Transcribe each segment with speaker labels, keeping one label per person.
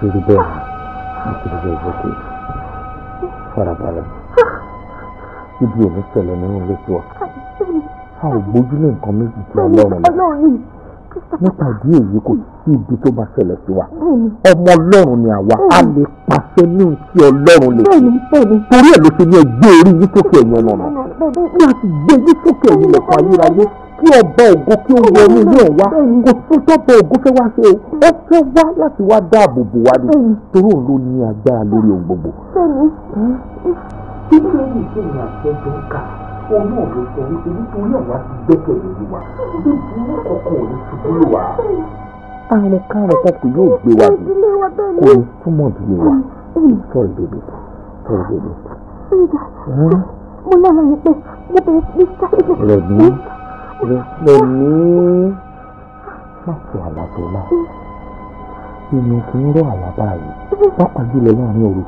Speaker 1: ti rí bẹ́ẹ̀ ni ti rí bẹ́ẹ̀ lókè farabalẹ̀
Speaker 2: ibi òní ṣẹlẹ̀ o ilé tiwa a ò gbójúlé nǹkan méjì não não ni nípa de èyí kò sí ibi tó bá ṣẹlẹ̀ sí wa ọmọ ọlọ́run ni
Speaker 3: àwa a lè pàṣẹ ní ohun tí ọlọ́run lè torí ẹ̀ ló ṣe ní ẹgbẹ́ orí yín sókè ẹ̀yìn ọmọ náà bí a ti gbé yín sókè ẹ̀yìn lẹ̀kọ́ ayérayé kí ọba ògo kí ó wọ inú ilé ọ̀wá kò tún tọ́ba ògo fẹ́ wá ṣe o ó fẹ́ wá láti wá dáàbò bò wá ni torí òun ló ní agbára lórí ohun gbogbo.
Speaker 1: títí èyí ṣe ìrìn àjọ
Speaker 3: tó ń kà òun náà ló sọ wípé nítorí ọ̀wá ti gbẹ́kẹ̀lé olúwa nítorí ọkọ̀ òní ṣubú lò wá. àrùn kárùn kan kò yóò gbé wa bí kò ní túmọ̀ ìdílé wa sọ̀rọ̀ bèbè sọ̀rọ̀ bèbè.
Speaker 1: mo lọ́nà yìí pé mo bẹ̀rẹ̀ sí sáyẹ́dẹ̀
Speaker 2: ni? lẹ́mí láti àlàbọ̀lá inú kì í rọ àlàbà yìí
Speaker 4: pápá jùlọ láàrin òru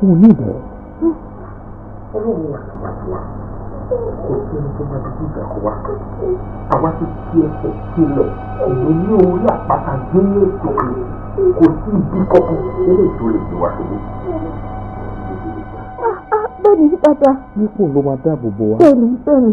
Speaker 4: wọn ò ní ìbẹ̀rẹ̀. ọlọ́run wà ní
Speaker 3: wàhálà kò sí ẹni tó máa dojú ìjà kó wá àwa ti fi ẹsẹ̀ sílẹ̀ èyí ní orí àpáta gbé ní ètò rẹ̀ kò sí ibi kọ́kọ́ sílẹ̀
Speaker 5: tó lè gbé wá
Speaker 1: sílẹ̀. bẹ́ẹ̀ni bàbá. nípò
Speaker 5: ló máa dáàbò bò wá. bẹ́ẹ̀ni bẹ́ẹ̀ni.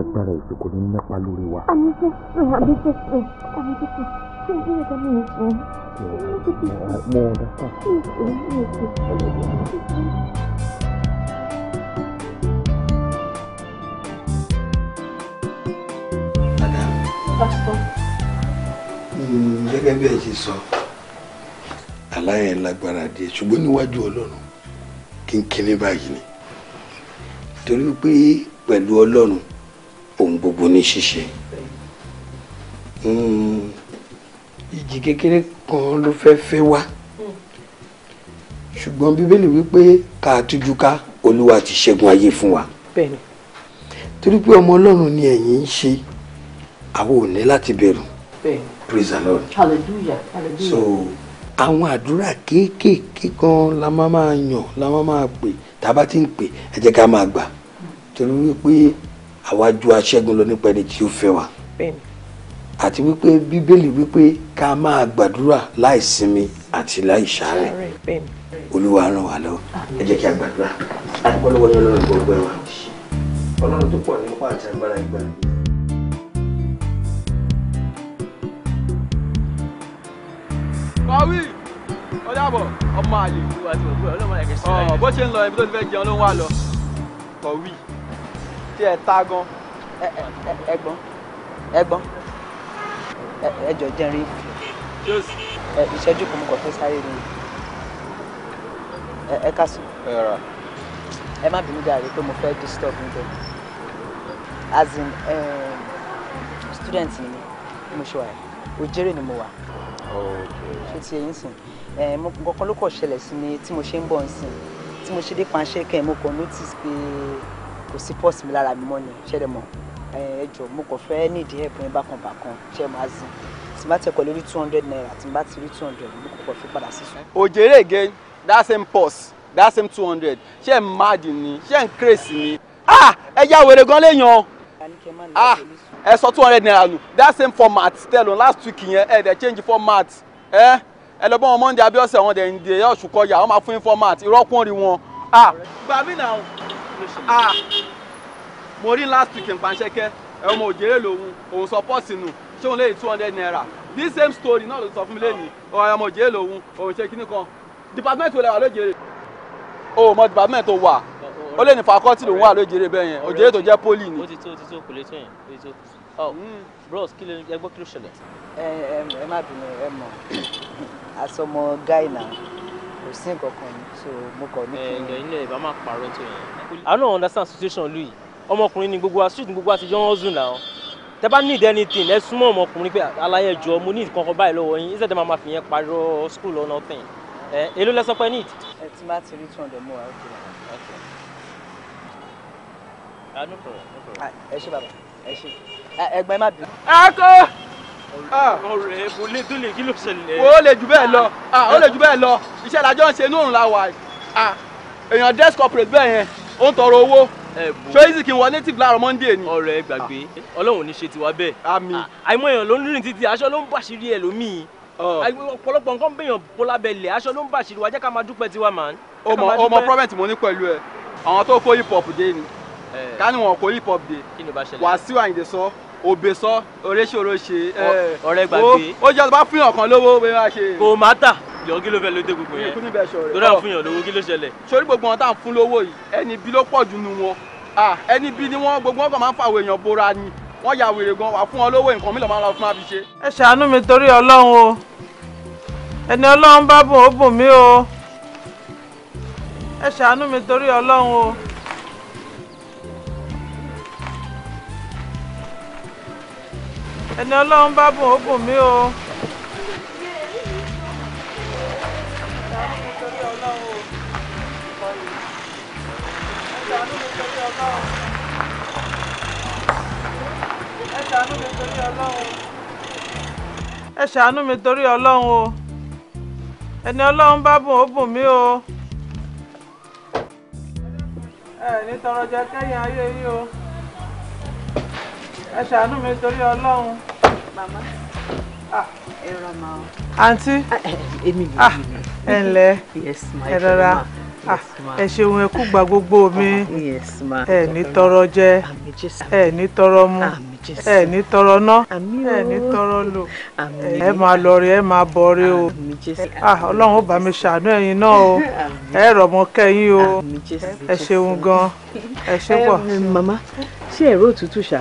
Speaker 2: agbára ìjókòó ní nípa lórí wa.
Speaker 1: àmì jésù àmì jésù àmì jésù ṣé ìdí ẹ̀ka mi ò fún un. mo ọ̀dà kan.
Speaker 4: pásítọ̀. Hmm, gẹ́gẹ́ bí ẹ ṣe sọ aláyẹn lágbára díẹ̀ ṣùgbọ́n níwájú ọlọ́run kínkínní báyìí ni torí pé pẹ̀lú ọlọ́run ohun gbogbo ní ṣíṣe ìjì hmm, kékeré kan ló fẹ́ fẹ́ wá ṣùgbọ́n bíbélì wípé ká tújú ká olúwa ti ṣẹ́gun ayé fún wa torí pé ọmọ ọlọ́run ni ẹ̀yin ń ṣe àwọn ò ní láti bẹ̀rù praise the lord hallelujah hallelujah so àwọn àdúrà kéékèèké kan la máa máa yàn la máa máa pè tá a bá ti ń pè ẹ jẹ́ ká máa gbà torí wípé àwájú aṣẹ́gun lọ nípa ẹni tí ó fẹ́ wa àti wípé bíbélì wípé ká máa gbàdúrà láì sinmi àti láì ṣàárẹ̀ olúwa ràn wá lọ́wọ́ ẹ jẹ́ kí a gbàdúrà àdúgbò lọ́wọ́ ní ọlọ́run gbogbo ẹ̀ wá ọlọ́run tó pọ̀ nípa àti agbára ìgbàlódé.
Speaker 6: kọ̀wé ọ̀dàbọ̀ ọmọ àlè ọmọ bó ṣe ń lọ ibi tó ti fẹ́ jẹun ló ń wá lọ kọ̀wé tí ẹ ta gan ẹ̀gbọ́n ẹ̀gbọ́n
Speaker 7: ẹjọ jẹrin ìṣẹ́jú kan mo kàn fẹ́ sáré ni ẹ kásù ẹ má bínú dáre pé mo fẹ́ disturb níbẹ as in student ni mi mo ṣe wà òjèrè ni mo wà ṣé ti ẹ̀yin sìn mo kọ́kọ́ ló kọ̀ ṣẹlẹ̀ sí mi tí mo ṣe ń bọ̀ ń sìn tí mo ṣe dé panṣẹ́ kẹ́ mo kàn notice pé kò sí pọ́ọ̀sì mi lára mi mọ́ ni ṣẹ́dẹ̀ mọ́ ẹ jọ mo kàn fẹ́ nídìí ẹ̀bùn yẹn bákan bákan ṣẹ́ máa zin tí n bá tẹ̀kọ̀ lórí two hundred naira tí n bá ti rí two hundred mo kò kàn fi padà sí
Speaker 6: òjèrè again that same purse that same two hundred ṣé ẹ̀ máàdì ni ṣé ẹ̀ kírèsì ni ah ẹ yá wèrè gan léèyàn ah ẹ sọ two hundred naira nù that same format tẹ̀ lọ last week yẹn ẹ̀ dẹ̀ change format ẹ̀ ẹ lọ bá wọn Monday abíọ́sẹ̀ wọn dẹ̀ ń de ẹ̀ ọ̀ṣùkọ̀ yà wọ́n máa fún informant irọ́ kún rí wọn ah. gbàmí náà ah mo rí last week Panṣẹ́kẹ́ ọmọ òjèrè lòun òun sọ pọ́ọ̀sì nù ṣé òun lè two hundred naira this same story náà ló sọ fún mi lẹ́yìn ọmọ òjèrè lòun òun ṣe kíní kan department wo lè wà lójèrè o mọ department tó wà ó lè ní faculty lòun wà lójèrè bẹ́ẹ̀ yẹn òjèrè tó jẹ́ poli ni. ó ti tó ó ti tó kò lè tó yẹn ó ti tó. ọ oh, hmm. bros kí ló ẹgbọ́ kí ló ṣẹlẹ̀.
Speaker 7: ẹ ẹ má bínú ẹ mọ àsọmọ guy náà
Speaker 6: kò sí nǹkan kan so mo kàn ní kí n. ẹ̀yìn ilẹ̀ ìbá máa parọ́ tó yẹn. I don't understand situation lu yìí ọmọkùnrin ni gbogbo wa street ni gbogbo wa ti jọ ń zùn náà tẹ bá need anything ẹ súnmọ́ ọmọkùnrin pé aláyẹ jọ mo need kankan báyìí lọ́wọ́ yín ìṣẹ̀dẹ̀ máa ma fi yẹn parọ́ school or nothing ẹ èló lẹ́sọ̀ pé need.
Speaker 7: ẹ ti máa ti rí two hundred more ok.
Speaker 6: Ah, ah, ẹ ṣe bàbá ẹ ṣe ẹgbẹ́ má bínú. ẹ Ah. ọ̀rẹ́ mo lè dúlè kí ló ṣẹlẹ̀. o lè jù bẹ́ẹ̀ lọ o ah, lè jù bẹ́ẹ̀ lọ iṣẹ́ làjọ ń ṣe inú òrùn la wà ah, èèyàn desk corporate bẹ́ẹ̀ yẹn ó ń tọrọ owó ṣóyìí kì í wọ native láàárọ̀ monday ni. ọ̀rẹ́ gbàgbé ọlọ́run ní ṣe tiwa bẹ́ẹ̀. àmín àìmọ̀ èèyàn ló ń rìn títí aṣọ ló ń bàṣírí ẹlòmíì ọ̀pọ̀lọpọ̀ nǹkan bẹ̀yàn bọ́lá bẹ̀lẹ̀ aṣọ ló ń bàṣírí wa jẹ́ ká máa dúpẹ́ tiwa man. o mọ o mọ problem tí mo ní pẹ̀lú ẹ àwọn tó kó hip hop dé ni ká ní wọn kó hip hop dé wàásù àyìndé sọ òbèsọ oríṣiríṣi ọ̀rẹ́ eh, gbàgbé ó jẹ́ bá fún yàn kan lówó bí wọ́n á ṣe. kò má tà yọ kí ló fẹ́ ló dé gbogbo yẹn tó dáa fún yàn lówó kí ló ṣẹlẹ̀. sórí gbogbo wọn tá à ń fún lówó yìí ẹni bí ló pọ̀ jù nù wọn ẹni bí ni wọn gbogbo wọn kàn máa ń fàwọn èèyàn bora ni wọn yà wèrè gan wà fún wọn lówó nǹkan mílò máa lọ fún àfiṣe.
Speaker 8: ẹ ṣàánú mi torí ọlọ́run o ẹni ọlọ́run bá bùn ó bùn mí o ẹ ṣàánú mi torí ọlọ́run o. ẹni ọlọ́run bá bùn ó bùn o. ẹ ṣàánú mi torí ọlọ́run o ẹni ọlọ́run bá bùn ó bùn o. ẹ ní tọrọ jẹ kẹ́yìn ayé o. ẹ ṣàánú mi torí ọlọ́run. màmá ah. Ah,
Speaker 9: ẹ rọ màá. àǹtí ah, èmi yìí ẹ ǹlẹ́ ẹ rọra ẹ ṣeun ẹ kúgbà gbogbo mi ẹ ní tọrọ jẹ ẹ ní tọrọ mu ẹ ní tọrọ ná ẹ ní tọrọ lò ẹ máa
Speaker 8: lọ rí ẹ máa bọ rí o ọlọ́run ó bá mi ṣàánú ẹ̀yin náà o ẹ rọ̀mọ kẹ́yìn
Speaker 9: o ẹ ṣeun gan ẹ ṣe pọ̀. màmá ṣé ẹ̀rọ òtútù ṣá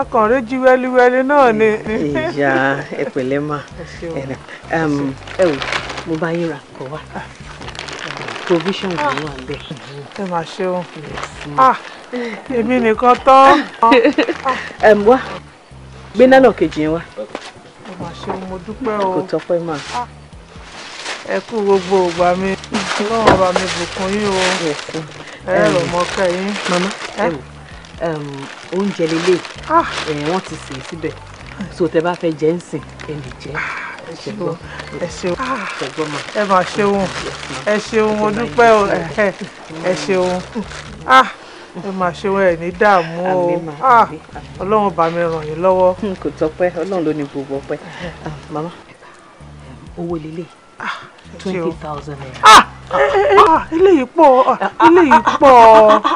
Speaker 9: akànrẹ́ jí wẹ́líwẹ́lí náà ni. ìyá
Speaker 1: ẹ
Speaker 5: pẹ̀lẹ́ mà um,
Speaker 9: ẹ wò mo bá yín ra kọ wá provision wà wà bẹ́ẹ̀. ẹ máa ṣeun ah, èmi nìkan tán. wá gbé nánà kejì yẹn wá.
Speaker 5: ẹ máa ṣeun mo dúpẹ́ o. kò tọ́pẹ́ mà. Ah, ẹ kú gbogbo ògbà mi ọlọ́run bá mi bùkún yín o ẹ rọ̀ mọ́kẹ́ yín. mama
Speaker 9: ẹ wò. Um, oúnjẹ lélẹ̀ ah! wọ́n ti sè é síbẹ̀ so tẹ bá fẹ́ jẹ ń sìn ẹ lè jẹ ṣẹgbọn ah, ẹ ṣeun ẹ
Speaker 5: ah! mà ṣeun ẹ ṣeun
Speaker 9: mo dúpẹ́ o ẹ ṣeun ẹ
Speaker 5: mà ṣeun ẹ ní dààmú o ọlọ́run bá mi ràn yín lọ́wọ́. kò tọpẹ́ ọlọ́run ló ní gbogbo ọpẹ́ mama owó lélẹ̀ twenty
Speaker 9: thousand naira. Ah, eléyìí pọ̀ ah, eléyìí pọ̀.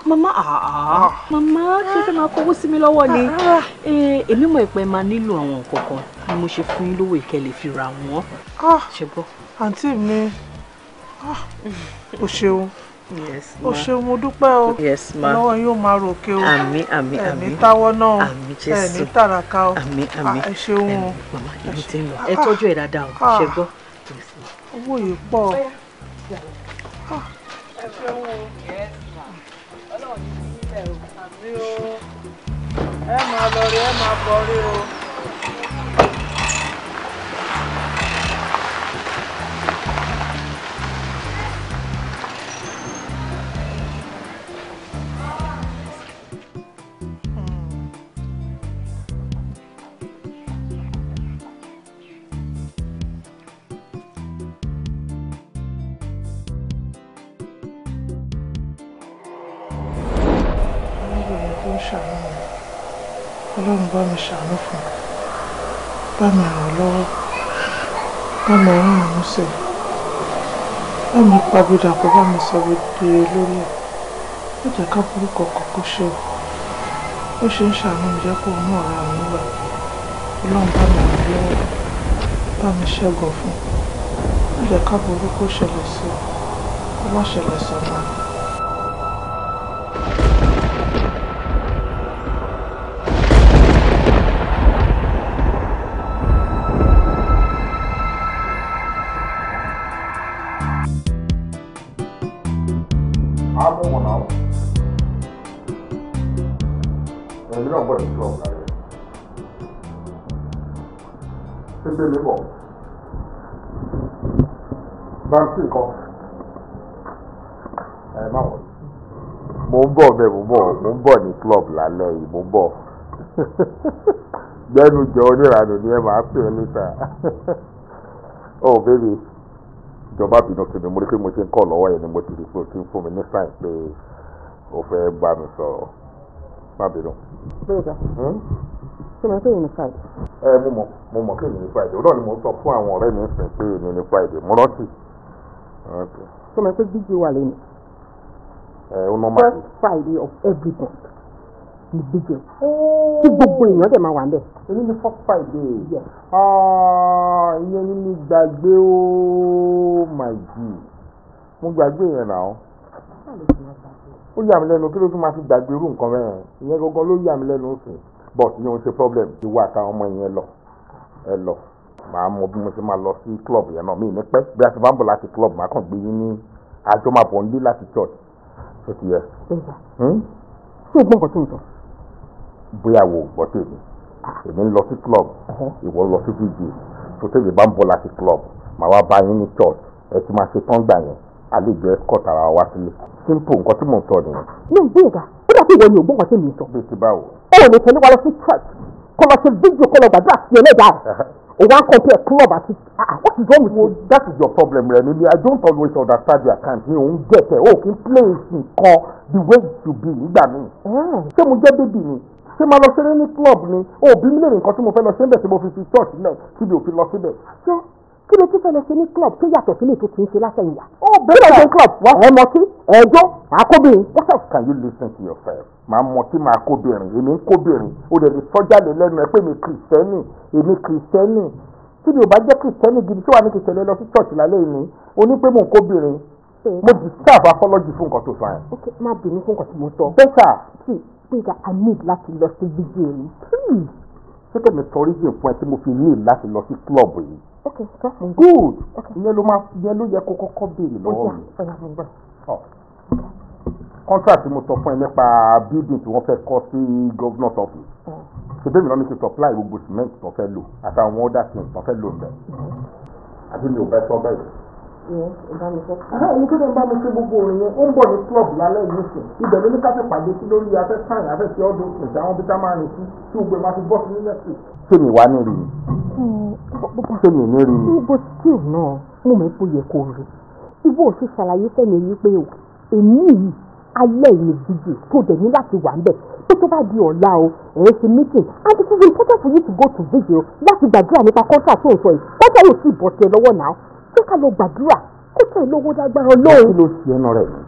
Speaker 9: mama ah, mama ṣé fẹ́ máa kówó sí mi lọ́wọ́ ni eh, èmi mọ̀ ìpẹ́ máa nílò àwọn nǹkan kan ni mo ṣe fún yín lówó ìkẹlẹ̀ fi ra wọ́n. ṣe gbọ́. àǹtí mi o ṣeun o ṣeun mo dúpẹ́ o lọ́wọ́ yóò máa ròkè o ẹ̀mí táwọ́ náà ẹ̀mí tàràkà o ẹ ṣeun o. ẹ tọ́jú ẹ̀ dáadáa o ṣe gbọ́. owó yìí pọ̀
Speaker 8: ẹ fẹ́ lọ rí ẹ máa bọ̀ rí o.
Speaker 1: ọlọ́run bá mi ṣàánú fún bá mi ràn lọ́wọ́ bá
Speaker 10: mi rán àánú sí bá mi pabodà pé bá mi sọ gbogbo lórí ẹ̀ ó jẹ́ ká burúkọ kọ̀ọ̀kan ṣe ó ṣe ń ṣàánú jẹ́ kó mú ọ̀rọ̀ àánú wà ọlọ́run bá mi ràn lọ́wọ́ bá mi ṣẹ́gun fún ó jẹ́
Speaker 2: lọ ìbò bọ̀ gbẹ́nu jọ oníranù ni ẹ máa pè é níta ọ oh, bẹ́ẹ̀ni ìjọba bínú kí ni mo rí pé mo ti ń kọ́ lọ́wọ́ yẹn ni mo ti rí pé o ti ń fún mi ní sáìn pé o fẹ́ bá mi sọ̀rọ̀ má bínú.
Speaker 5: ṣé hmm? mo pè é ní friday.
Speaker 2: ẹ mo mọ mo mọ pé èmi ní friday òun náà ni mo sọ fún àwọn ọ̀rẹ́ mi ń sìn pé èmi ní friday mo rántí.
Speaker 3: ṣé mo pè é gbígbé wà lónìí.
Speaker 1: ẹ o normal. first
Speaker 3: friday of every month ní bíjẹ tí gbogbo èèyàn dẹ̀ máa wà níbẹ̀. èyí ni fourth ah, friday
Speaker 2: ìyẹn yìí ni gbàgbé ó mà jì mo gbàgbé yẹn náà ó yà mí lẹ́nu kí ló tún máa fi gbàgbé irú nǹkan rẹ̀ ìyẹn gangan ló yà mí lẹ́nu sùn but ìyẹn ò ṣe problem ti wá àtàwọn ọmọ yẹn lọ ẹ lọ màá mọ bí mo ṣe máa lọ sí club yẹn náà mi ní pẹ́ bí a ti bá ń bọ̀ láti club màá kàn gbé yín ní àjọ máa bọ̀ láti church ṣé ti yẹ.
Speaker 1: Hmm?
Speaker 5: ṣé o gbọ́ nǹkan tó ń sọ
Speaker 2: bóyá wo gbọ́ tèmi èmi ń lọ sí club ìwọ lọ sí dj tó tèmi bá ń bọ̀ láti club màá wá bá yín ní church ẹ ti máa ṣe tán gbà yẹn àlejò escort ara wa sílé simple nǹkan tí mò ń sọ nìyẹn.
Speaker 5: ní ìgbéyàwó e
Speaker 2: ó dàbí ìwọ ni ògbóǹkan tèmi sọ. bí ti báwo. ó lè tẹ̀lé wa lọ sí church kó lọ ṣe fídíò kó lọ gbàdúrà sí ẹlẹ́dàá
Speaker 3: rẹ̀ o wa club àti ah, ah, what is wrong with you. that is your problem Remi I don't always understand your account mi ò ń gẹ̀tẹ̀ o kì í play nǹkan the way you be nígbà míì. ṣé mo jẹ́ bébì ni ṣé máa lọ ṣeré ní club ni òbí mi lè rìn nǹkan tí mo fẹ́ lọ ṣe ń bẹ̀ tí mo fi fi church náà tí mi ò fi lọ síbẹ̀. ṣé kí ló tún fẹ́ lọ ṣe ní club tó yàtọ̀ sílé tó ti ń ṣe látẹ̀yìnwá. ó bẹ́ẹ̀ lọ club wá. ẹ mọtí ẹjọ́ àkóbìnrin. what else can you listen to yourself. máa mọtí máa kóbìnrin èmi ń kóbìnrin ó dẹ̀ lè sọ́jáde lẹ́nu ẹ pé mi kìrìsẹ́nì èmi kìrìsẹ́nì tí mi ò bá jẹ́ kìrìsẹ́nì gidi tí wàá ní kìrìsẹ́nì lọ sí church lálẹ́ yìí ni onípémù kóbìnrin mo deserve apology fún nǹkan tó fa yẹn. ok má bínú fún nǹkan tí mo sọ. bẹ́ẹ̀ sà pé i need láti lọ sí video please. ṣé kẹ́mi sọ reason fún ẹ tí mo fi need láti lọ sí club yìí. ok sọ fún good ìyẹn ló máa ìyẹn ló yẹ kó kọ́kọ́ béèrè lọ́wọ́ mi.
Speaker 1: ó jà ó jà ó jà.
Speaker 2: contract mo sọ fún ẹ nípa building tí wọ́n fẹ́ kọ́ sí governor's office. ṣebí mi lọ́ni ti supply gbogbo cement tó fẹ́ lò àtàwọn other things tó fẹ́ lò ń bẹ̀. àbí mi ò bẹ́ sọ bẹ́ẹ̀
Speaker 5: ẹ̀hẹ́ èyí
Speaker 3: tó ń bá mi ṣe gbogbo òun yẹn ó ń bọ̀ ní club lálẹ́ yìí sùn ibẹ̀ ló ní ká fi pàdé sí lórí afẹ́ sáyìn afẹ́ sí ọdún ìjà wọn bí ká máa rìn sí tí gbogbo ẹ̀ máa fi bọ́ sí nílẹ̀ sí. ṣé mi wá ní rí i
Speaker 5: hmm, ṣé mi ní rí i. níbo tí ò náà mo mọ̀ pé yẹ kó rí ibo ò ṣe ṣàlàyé fẹ́mi yìí pé èmi yìí alẹ́ ìlú díje tó dẹ̀ ní láti wà ńbẹ̀ pé tó bá di ọ̀la o ẹ̀rẹ́ ṣe meeting and it is important for you to go to vigil láti gbàdúrà nípa contract tó ń sọ yìí bọ́tà yóò sì bọ̀ lọ́wọ́ náà pé ká lọ gbàdúrà kó tó ìlówó
Speaker 2: dágbára Ọlọ́run. kí ló ṣe ẹnu rẹ ni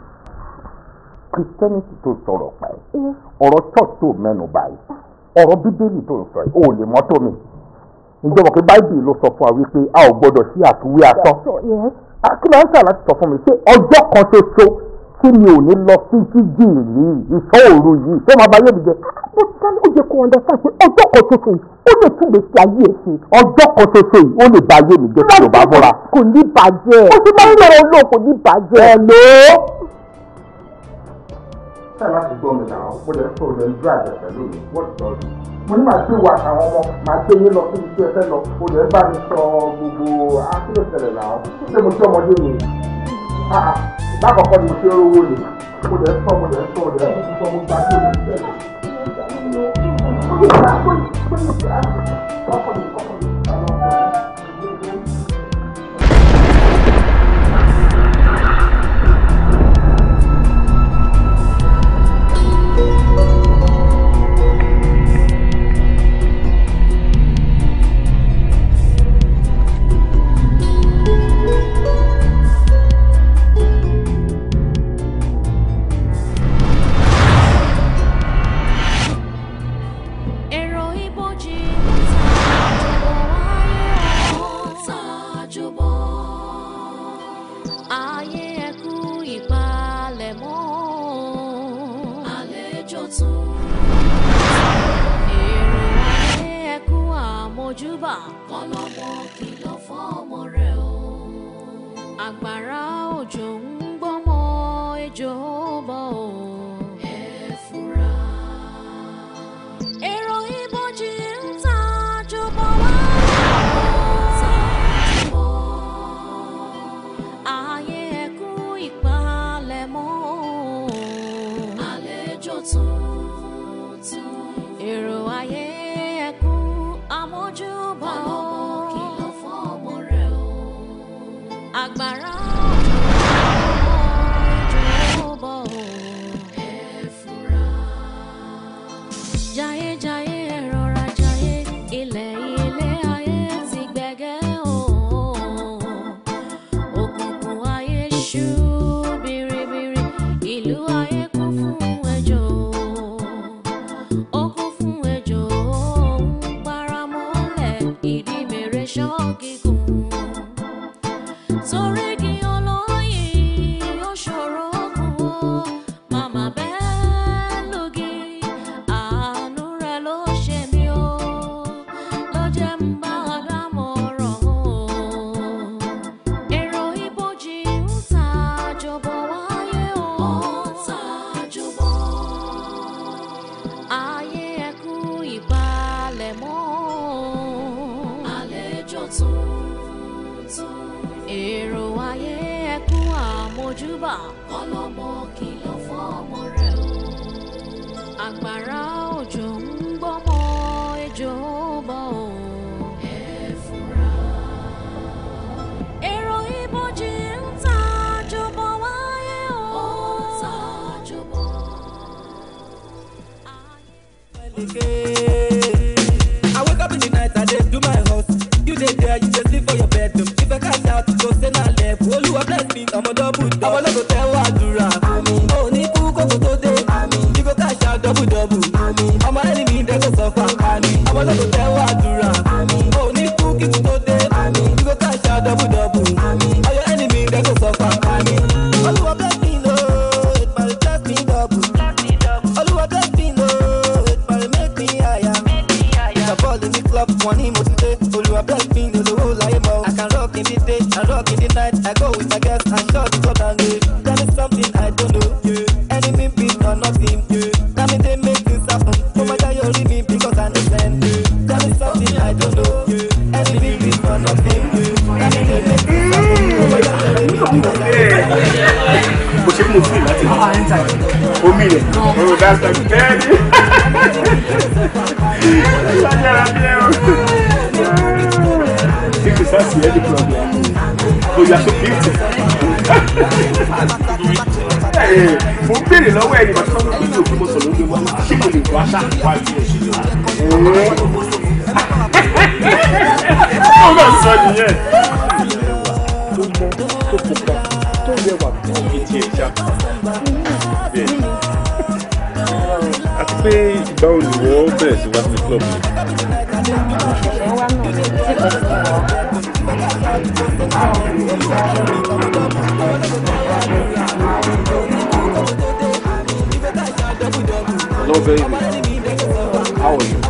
Speaker 2: Christianity tó sọ̀rọ̀ pa ẹ́ ọ̀rọ̀ church tó mẹ́nu báyìí ọ̀rọ̀ bíbélì tó ń sọ yìí o lè mọ́tò mi
Speaker 3: ìjọba pé báyìí ló sọ fún wa wípé a ò gbọdọ̀ sí àtúwé asán kí ló ń sàlá ti sọ fún mi pé ọjọ́ kan ṣoṣo kí ni ò ní lọ sí jíjì yìí ìṣọ́ òru yìí ṣé máa bá yé mi jẹ. mo ti dá ní ó yẹ pé ọjọ́ kan ṣoṣo yìí ó lè tún lè ṣe ayé ẹ̀sìn. ọjọ́ kan ṣoṣo yìí ó lè bá ayé mi jẹ
Speaker 1: tí yorùbá bọ́ra.
Speaker 3: kò ní bàjẹ́ ó ti máa ń lọ́rọ̀ olóò kò ní bàjẹ́. ẹ ló.
Speaker 2: mo ní màá tún wà àwọn ọmọ màá gbé yín lọ síbi tí ẹ fẹ́ lọ olè bá mi sọ gbogbo akílò ah, tẹ̀lẹ̀ làwọn ṣé mo tí ọmọdé mi
Speaker 3: lákọ̀ọ́kọ́ ni mo ṣe rówó ni mo lè sọ mo lè sọ lè sọ mo gba sí omi bẹ́ẹ̀. Thank you.
Speaker 11: ojúbà. kọ́lọ́mọ kìlọ̀ fọ́mọ rẹ̀ o. àgbàrá òjò ń gbọ́mọ ejò bọ̀ o. agbára.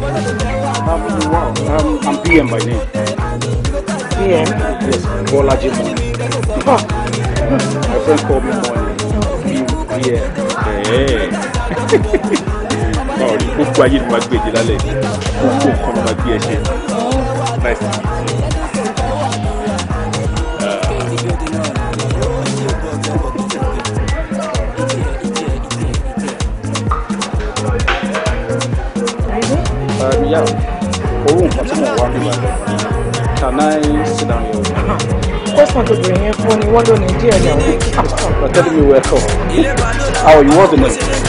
Speaker 6: um, I'm PM by name.
Speaker 8: PM? Yes, Bolaji Morning.
Speaker 1: My
Speaker 8: friend called me Morning. PM. Hey.
Speaker 1: Oh,
Speaker 3: gbogbo ayé ni wàá gbèjì lálẹ́ gbogbo nǹkan ni wàá gbé Nice to meet you.
Speaker 6: Now, owó nǹkan tí mo wá nígbà rẹ̀ can I sit down here?
Speaker 9: Question to
Speaker 10: me where come. How you want the money?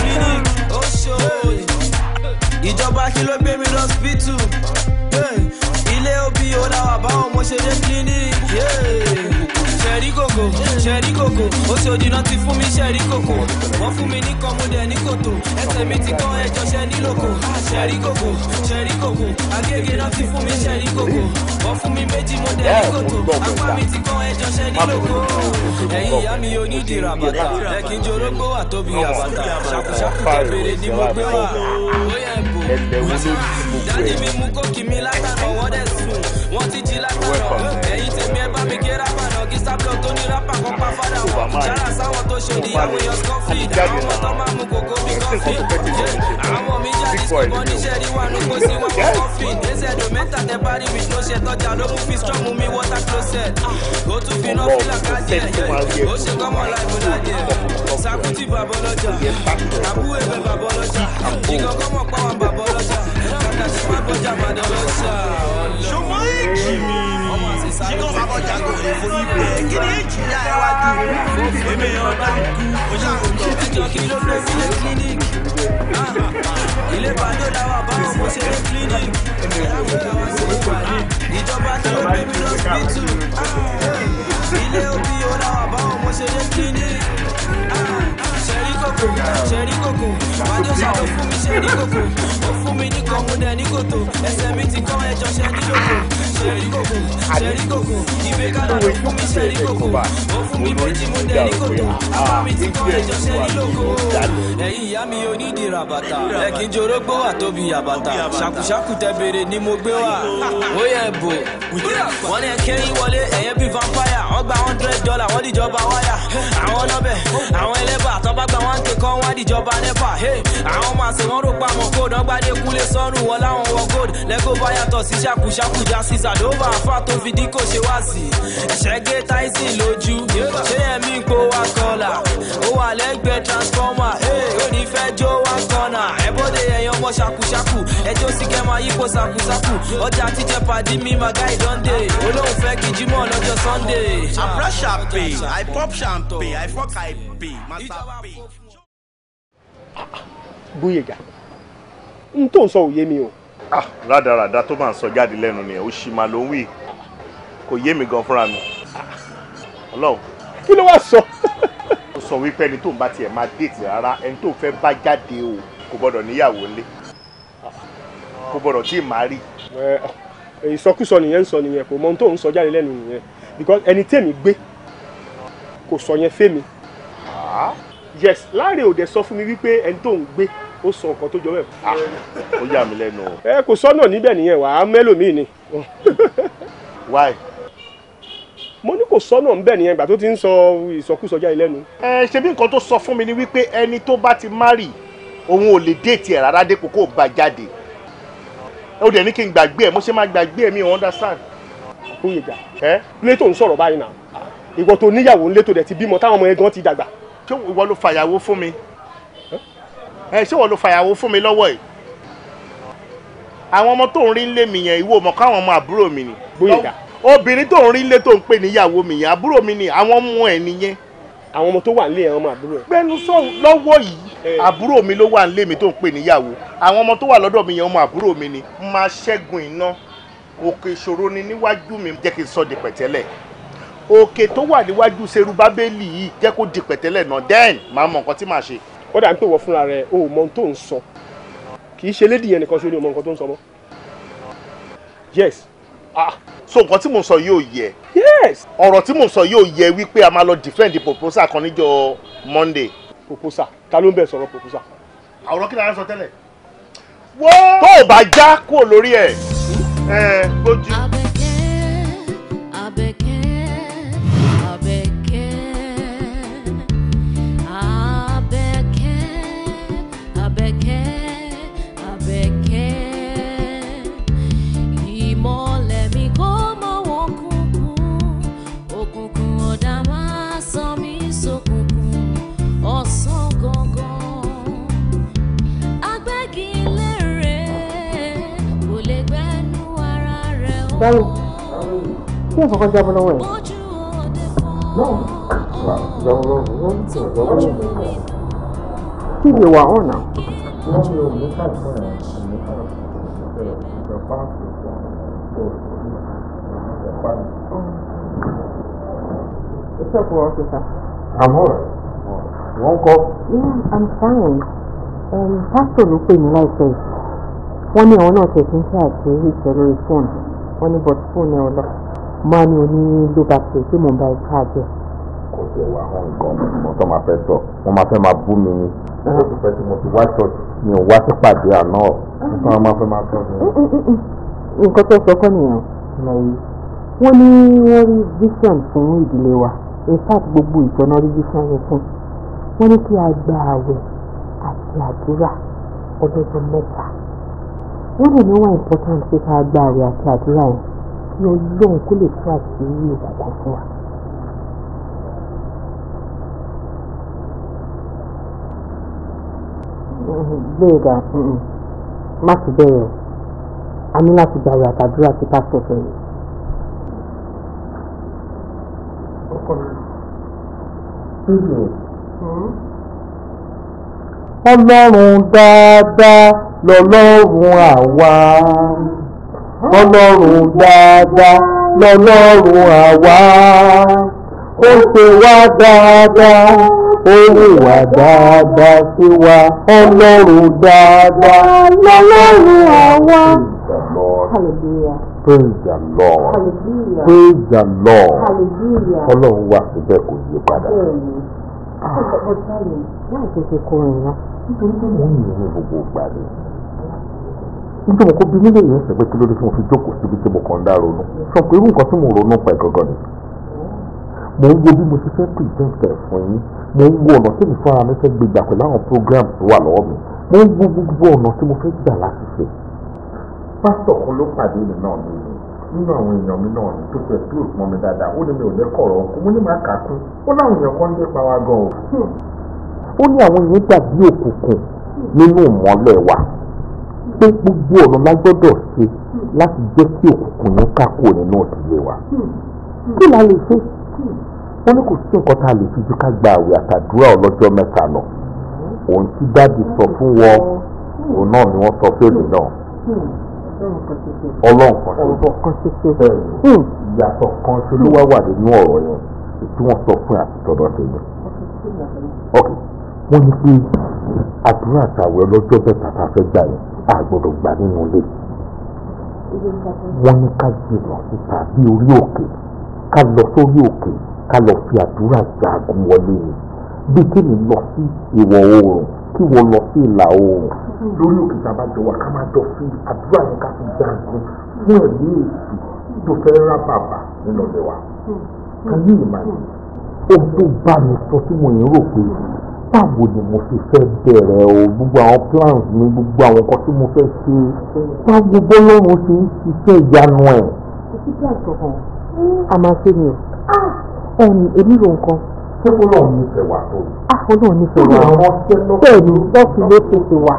Speaker 8: kòkò ṣẹ̀rí kòkò ó ṣe òjìnà ti fún mi ṣẹ̀rí kòkò wọ́n fún mi ní kọ́múdẹ̀ ní kòtò ẹsẹ̀ mi ti kọ́ ẹjọ́ ṣẹ́ nílòkò ṣẹ̀rí kòkò ṣẹ̀rí kòkò agége náà ti fún mi ṣẹ̀rí kòkò wọ́n fún mi méjì mo dẹ̀ ní kòtò apá mi ti kọ́ ẹjọ́ ṣẹ́ nílòkò ẹ̀yin ìyá mi onídìí ràbàtà ẹ kí n wà tóbi àbàtà ṣàkùṣàkù tẹ̀bẹ̀rẹ̀ ni mo gbé wà ó yẹ bò dájú mi mú kókì mi látàrọ̀ wọ́n dẹ̀ sùn wọ́n ti jí látàrọ̀ mr blood tó ní rápà kan pa fada wọn yàrá sáwọn tó ṣe ní àwọn èèyàn scoffy àwọn tó máa mú kókó bí kọfí àwọn mi jáde sọgbọn níṣẹ́ rí wà ló kó sí wọn kó kọfí ẹsẹ̀ dòmẹ́ta tẹ bá rí mi ló ṣe tọ́jà ló mú fi strong mú mi water closet ó tún fi náà fílà káàdì ẹ̀yẹ ó ṣe kọ́mọ láìpù láàdì ẹ̀ sakuti bàbá ọlọ́jà àbúrò ẹ̀bẹ̀ bàbá ọlọ́jà ìgbọ̀n kọ́mọ̀ pàwọn bàbá ọlọ́jà kàkà ṣùgbọ́n àgbọ̀jà màdà ọlọ́jà ọlọ́ ṣíkọ́ bàbá ọjà kò lè forí bẹ̀ kí ni èjì yá ẹ wá dùn èmi ọ̀dà kú ọjà kò lọ. ẹjọ́ kí ló dé sílé clinic ilé bàdó làwà báwọn mo ṣe dé clinic ìyáwó làwà sí ìpàdé ìjọba tó ló gbé mi lọ mo ṣe dé ṣẹ́rí kòkò ṣẹ́rí kòkò wájú ṣàlọ́ fún mi ṣẹ́rí kòkò ó fún mi ní kọ́mú dẹ̀ ní kòtò ẹsẹ̀ mi ti kán ẹjọ́ ṣẹ́ ní yòkò ṣẹ́rí kòkò ṣẹ́rí kòkò ìwé kánà ló fún mi ṣẹ́rí kòkò ó fún mi méjì mú dẹ̀ mi ti kán ẹjọ́ ṣẹ́ ní yòkò. ẹ̀yin ìyá mi onídìí tóbi àbàtà ṣàkùṣàkù tẹ béèrè ni mo gbé wá ó yẹ bò wọ́n ní ẹ̀kẹ́ wọlé ẹ̀yẹ́ bí vampire wọ́n gba hundred dollar wọ́n dìjọba wáyà àwọn ọlọ́bẹ̀ àwọn ẹlẹ́bà tọ́ bá gba wọn ké kan wá dìjọba nepa àwọn máa ṣe wọn rò pa àwọn gold wọn gbádé kúlé sọrùn wọn láwọn wọ gold lẹgó bá yàtọ̀ sí ṣàkúṣàkú já sí sàdóbà àfa tó fi dín kò ṣe wá sí ẹ̀ṣẹ̀ gé tyson lójú ṣé ẹ̀mí ń po wa kọlà ó wà lẹ́gbẹ̀ẹ́ transformer ó ní fẹ́ jó mọ́ ẹjọ́ sì máa yípo ṣakúṣakú ọjà tíjẹ pàdí mi màgá ìdánde olóhùn fẹ́ kí jimọ̀ lọ́jọ́ sunday. i press champagne i pop champagne
Speaker 6: i fuck i pay master pay.
Speaker 3: Bóyèga n tó ń sọ òye mi o.
Speaker 10: ah rádaràda tó máa ń sọ jáde lẹ́nu nìyẹn ó ṣì máa ló ń wí kò yé mi gan fúnra mi ọlọ́run. kí ló wá sọ.
Speaker 3: ó sọ wípé ẹni tó ń bá tiẹ̀ máa déètì rárá ẹni tó fẹ́ bá jáde o kò gbọ́dọ̀ níyàwó
Speaker 10: ńlé kò gbọ́dọ̀ tí ì má rí.
Speaker 3: ìsọkúsọ nìyẹn ń sọ
Speaker 10: nìyẹn kò mọ ohun tó ń sọ jáde lẹ́nu nìyẹn because ẹni tèmi gbé kò sọ yẹn fẹ́mi. yes Láre òde sọ fún mi wípé ẹni tó ń gbé ó sọ nǹkan tó jọ bẹ́ẹ̀.
Speaker 3: ó yà mí lẹ́nu.
Speaker 10: ẹ kò sọ́nà níbẹ̀ nìyẹn wà á mẹ́lòmíì ni. why. mo ní kò sọ́nà níbẹ̀ nìyẹn ìgbà tó ti ń sọ ìsọkúsọ jáde lẹ́nu. ẹ ṣe bí nǹkan tó sọ fún mi ni wípé ẹni tó bá ti marry òun ò lè déètì ẹ̀ rárá
Speaker 3: dépò kó o bá jáde ó dẹ̀ ní kí n gbàgbé ẹ̀ mo ṣe máa gbàgbé ẹ̀ mi ò understand. Oyèjà ẹ ilé tó ń sọ̀rọ̀ báyìí náà ìwọ tó níyàwó ńlé tó dẹ̀ ti bímọ táwọn ọmọ yẹn
Speaker 10: gan ti dàgbà. ṣé ìwọ ló fàyàwó fún mi ẹ ṣé ìwọ ló fàyàwó fún mi lọ́wọ́ yìí àwọn ọmọ tó ń rí ńlé mi yẹn ìwọ mọ̀ káwọn ọmọ àbúrò mi ni. Gbóyèga obìnrin tó ń rí ńlé tó ń pè níyàwó mi yẹn àbúrò mi ni àwọn ọmọ ẹ nìyẹn. àwọn ọmọ tó wà nílé ẹ̀ ọmọ àbúrò ẹ̀. gbẹnusọ lọ́wọ́ yìí Eh. àbúrò mi ló wà nílé mi tó ń pè níyàwó àwọn ọmọ tó wà lọ́dọ̀ mi yẹn ọmọ àbúrò mi ni máa ṣẹ́gun iná òkè ìṣòro ni
Speaker 3: níwájú mi jẹ́ kí n sọ di pẹ̀tẹ́lẹ̀ òkè tó wà níwájú serubábélì yìí jẹ́ kó di pẹ̀tẹ́lẹ̀ náà then màá mọ nǹkan tí màá ṣe. ó dà ń pè wọ fúnra rẹ o ò mọ ohun tó ń sọ kì í ṣe lédìí yẹn nìkan ṣe ni o mọ nǹkan tó ń sọ mọ. yes ah so nǹkan tí mò ń sọ yóò yẹ. yes ọ̀rọ̀ tí mò ń sọ yóò yẹ wípé a máa lọ defend proposal kan níjọ́ monday. proposal ta ló ń bẹ̀ sọ̀rọ̀ pòpùsà.
Speaker 10: àwòrán kí lára sọ tẹ́lẹ̀. wọ́ọ́. tó o bá já kúrò lórí ẹ̀. ẹ
Speaker 11: Darling,
Speaker 5: kí ẹ̀fọ́ kan jábọ́ lọ́wọ́ ẹ̀? Kí ni ìwà ọ̀nà? It's okay, officer. I'm alright. You won't call? Yeah, I'm fine. Um, Pastor ló pè mí láìpẹ́ yìí. Wọ́n ní àwọn náà tẹ̀sí ń ṣe àṣeyọrí ìṣẹ́ lórí fóònù wọ́n ní bọ́tù fóònù ẹ̀ ọ̀lọ́ máa ní oní ló bá pè tí mò ń bá ẹ káàjẹ́.
Speaker 2: kò tẹ̀ wá hàn gan mo tọ́ máa fẹ́ sọ wọ́n máa fẹ́ máa bú mi ni mo ti fẹ́ tí mo ti wá ṣọ́ọ̀ṣì mi ò wá sí pàdé àná ọ̀ nípa wọn máa fẹ́ máa tọ́ mi. Mm,
Speaker 5: mm, mm, nǹkan tó sọ kọ́ nìyẹn wọ́n ní wọ́n rí vision wọ́n lè náwó important pé ká gba àwẹ̀ àti àdúrà yẹn kí ọlọ́run kó lè fún àṣírí ìbàdàn fún wa. bẹ́ẹ̀ dà má ti bẹ̀rẹ̀ o a ní láti gbàwé àtàdúrà tí pásítọ̀ fẹ́ yìí. ọlọ́run dáadáa
Speaker 3: lọ́lọ́run àwa ọlọ́run dáadáa lọ́lọ́run àwa ó ṣe wá dáadáa ó hùwà dáadáa sí wa ọlọ́run dáadáa
Speaker 5: lọ́lọ́run àwa.
Speaker 2: Praise the
Speaker 3: Lord.
Speaker 5: Praise the Lord.
Speaker 2: Ọlọ́run wà síbẹ̀ kò yí padà
Speaker 5: mo sáré láì tètè kọrin náà. nítorí pé mò ń yìn ní gbogbo ìgbà
Speaker 2: rẹ̀ nítorí mo kó bí nílé yẹn ṣe pé kí ló dé tí mo fi jókòó síbi tí mo kàn ń dá ronú sọ pé irú nǹkan tí mo ronú pa ìgangan ni mo ń wo bí mo ti fẹ́ pìtẹ́ǹtì ẹ̀ fún yín mo ń wo ọ̀nà tí mi fúnra mi fẹ́ gbé gbà pẹ̀lú àwọn program tó wà lọ́wọ́ mi mo ń wo gbogbo ọ̀nà tí
Speaker 5: mo fẹ́ gbà láti ṣe
Speaker 2: pásítọ̀ kan ló pàdé mi náà nínú nínú àwọn èèyàn mi náà ní tó fẹ́ tó ìpọn mi dáadáa ó ní mi ò lẹ́kọ̀ọ́ rọ̀ mo ní máa kà o. ó
Speaker 3: ní àwọn èèyàn dàbí òkùnkùn nínú wa pé gbogbo ọ̀nà la gbọ́dọ̀ ṣe láti jẹ́ kí òkùnkùn yẹn kákó nínú wa. kí la lè ṣe wọ́n ní kò sí nǹkan tá a lè fi ju gba
Speaker 2: àwẹ̀ àtàdúrà ọlọ́jọ́ mẹ́ta òun sọ
Speaker 1: ọlọ́run
Speaker 5: kan ṣoṣo
Speaker 2: hmm. ìyàtọ̀ kan ṣoṣo wá wà nínú ọ̀rọ̀ yẹn tí wọ́n sọ fún àti tọ́dọ̀ tẹ̀yìn. wọ́n ní pé àdúrà àtàwẹ̀ lọ́jọ́ bẹ́ẹ̀ tàbá fẹ́ yẹn a gbà nínú ilé. wọ́n ní ká jìnnà síta
Speaker 3: bí orí òkè ká lọ sórí òkè ká lọ fi àdúrà jagun wọlé yìí bí kí ni lọ sí ìwọ̀ oòrùn kí wọ́n lọ sí ìlà oòrùn. lórí òkè tàbá jọ wà ká máa jọ sí àdúrà yẹn ká fi já nǹkan fún ẹ̀mí èsì tó fẹ́
Speaker 2: rá bàbà nínú ọ̀dẹ wa. káyé ìmọ̀ ni
Speaker 3: ohun tó bá mi sọ tí mo yẹn rò pé báwo ni mo fi fẹ́ bẹ̀rẹ̀ o gbogbo àwọn plans mi gbogbo àwọn
Speaker 5: nǹkan tí mo fẹ́ ṣe báwo bọ́lọ́run ṣe ń ṣiṣẹ́ ìyanu ẹ̀. àmàṣe ni ah! èmi rò nǹkan ṣé kó lọ́ọ̀ nífẹ̀ẹ́ wà tó. ọlọ́run ah, nífẹ̀ẹ́ wà ó bẹ́ẹ̀ ni lọ́ọ̀kì ló tètè wà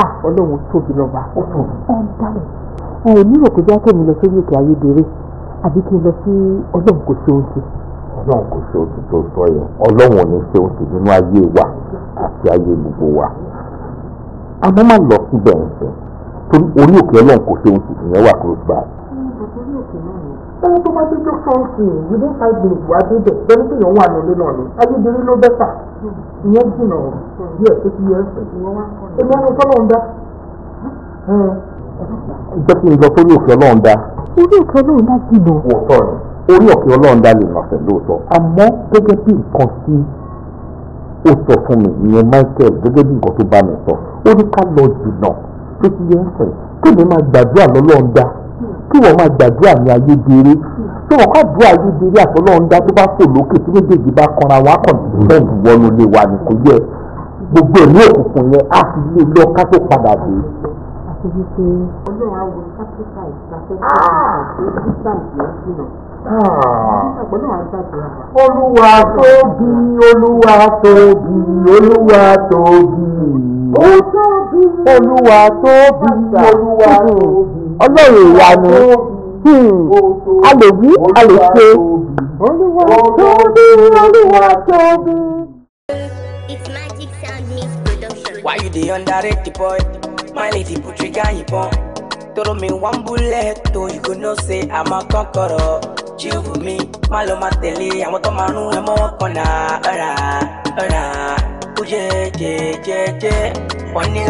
Speaker 5: ah, ọlọ́run tóbi lọ́ba ó tóbi. ẹ ń dáhùn ẹ ní rò pé bí akẹ́mi lọ sórí ètò ayédèrè àbí kí n lọ sí ọlọ́run kò ṣe oúnjẹ.
Speaker 2: ọlọ́run kò ṣe oúnjẹ tó tọ́ yẹn ọlọ́run ò ní ṣe oúnjẹ nínú ayé wa àti ayé gbogbo wa. àmọ́ má lọ síbẹ̀ ń sìn torí orí òkè ọlọ́run kò ṣe oúnjẹ ìyẹn wà kúrò báyìí
Speaker 5: pé tó bá dé tó fọ́ọ̀sì within five minutes wàá dé bẹ̀ bẹ́ẹ̀ nítorí òun wà lóde náà ni ayédèrè ló bẹ́tà ìyẹn jìnnà díẹ̀ tó ti yẹ ẹsẹ̀ èmi àwọn ìfọ́lọ́ ń dá.
Speaker 2: jẹ́ kí n lọ sórí òkè ọlọ́run dá.
Speaker 5: orí òkè ọlọ́run dá jìnnà.
Speaker 2: wọ́tọ̀ ni orí òkè ọlọ́run dá lè rànṣẹ́ lóòótọ́
Speaker 5: àmọ́ gẹ́gẹ́ bí nǹkan tí
Speaker 2: ó sọ fún mi ìyẹn Michael gẹ́gẹ́ bí nǹkan tó bá mi sọ ó ní ká lọ jìnnà
Speaker 3: tó ti yẹ ẹsẹ̀ kí ni máa gbàdúrà kí wọ́n máa gbàdúrà ní ayédèrè tó wọ́n ká dúrà ayédèrè àtọ́lọ́run dá tó bá fò lókè tí méjèèjì bá kanra wọn á kàn bẹ́ẹ̀ni wọnú lé wa ní kò yẹ gbogbo ẹ̀mí òkùnkùn yẹn á fi lé lọ ká tó padà dé.
Speaker 5: àti wípé ọlọ́run àwọn kápẹ́tà ìgbàfẹ́fẹ́ àti dísàǹtì ẹ̀sìn olúwa tóbi
Speaker 3: olúwa olúwa tóbi olúwa ọlọ́run ìwà ni hmm. a lè wí a lè ṣe.
Speaker 7: Why you dey underrate the boy? My lady put trigger ìbọn. Throw me one bullet tó you go know say I'm a conqueror? Chill for me, má lọ máa tẹ̀lé àwọn tó máa rún ẹ mọ́ kànnà ọ̀rà ọ̀rà. Ó jẹ́ jẹ́ jẹ́ like wọ́n ní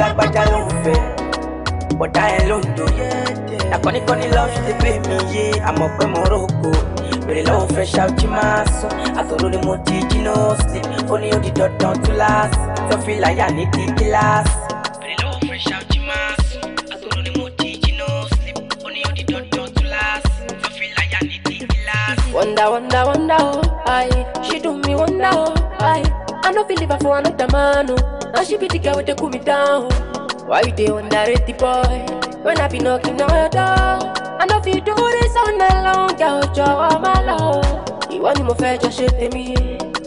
Speaker 7: bọ̀dá ẹ̀ lóńdó. Àkọ́níkọ́ní lọ́ọ́ ṣe pé mi yé àmọ̀ pé mo rògbò. Bèrè lọ́wọ́ fẹ́ ṣáàjì máa sùn. Àtòrò ni mo di jiná Only Ó ní ó di dandan túláàsì. Tọ́fì láyà ní ti kíláàsì. Bèrè lọ́wọ́ fẹ́ ṣáàjì máa sùn. Àtòrò ni mo di
Speaker 1: jiná sí. Ó ní ó di dandan túláàsì. Tọ́fì láyà ní
Speaker 7: ti kíláàsì. Wọ́ndà wọ́ndà wọ́ndà o, ayé ṣì dùn mí wọ́ndà o, ayé. I no believe live for another man o, oh. and she be the girl wey dey cool me down o. Oh. Why you dey underrate the boy? When I be knocking on your door, I know if you do this all night long, girl, jọ̀wọ́ má lọ. Ìwọ ni mo fẹ́ jọ ṣe me.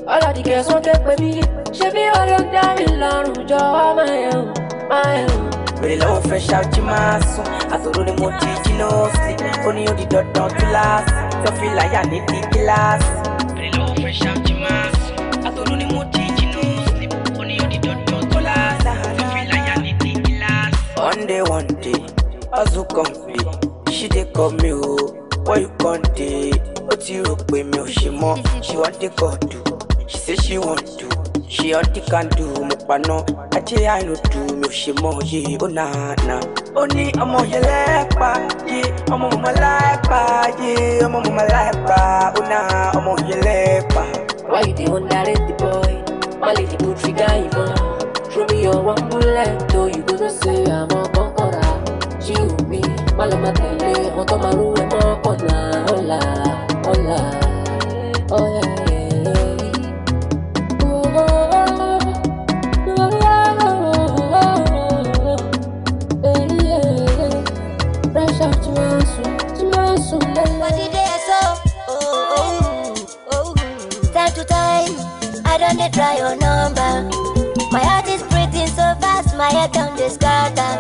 Speaker 7: All of the girls want to
Speaker 11: wọ́n fẹ́ pè mí. Ṣé bí wọ́n ló dá mi lọ́rùn jọ̀wọ́ má yẹn o, má yẹn o.
Speaker 7: Wèrè lọ́wọ́ fẹ́ ṣáàjì máa sùn, àtòrò ni sleep. Only jí the dot don't ó di dandan kíláàsì, tó fi láyà ní ti kíláàsì. Wèrè lọ́wọ́ fẹ́ ṣáàjì máa sùn, àtòrò ni mo ti one day, one day, hustle comfy. She dey call me, oh, why you can't dey? Ó ti rò pé mi ò ṣe mọ́, she want to go do. She say she want to, she want the can do. Mo paná, ajé àìlò do, mi ò ṣe mọ́, yé ó nà nà. Ó ní ọmọ yẹn lẹ́pa, yé ọmọ mọ̀mọ́ láìpa, yé ọmọ mọ̀mọ́ Oh ó nà ọmọ yẹn lẹ́pa. Why you dey underrate the boy?
Speaker 11: My lè dìbò trigger ìbọn. Show me your one bullet, though you gonna say I'm a conqueror. You, me, Malama Tele, on top my room, I'm a
Speaker 1: Hola, hola, oh
Speaker 12: Time to time, I don't need try your number. My heart my head down this gutter.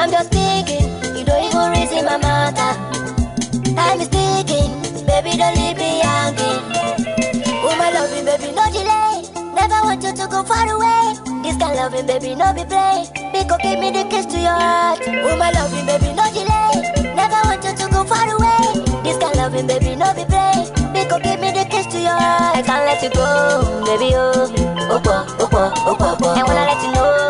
Speaker 12: I'm just thinking, you don't even raise my matter. Time is ticking, baby, don't leave me hanging. Oh, my loving baby, no delay. Never want you to go far away. This kind of loving baby, no be play. Pico, give me the kiss to your heart. Oh, my loving baby, no delay. Never want you to go far away. This kind of loving baby, no be play. Pico, give me the kiss to your heart. I can't let you go, baby, oh. Oh, oh, oh, oh, oh, oh. And oh. when I let you know.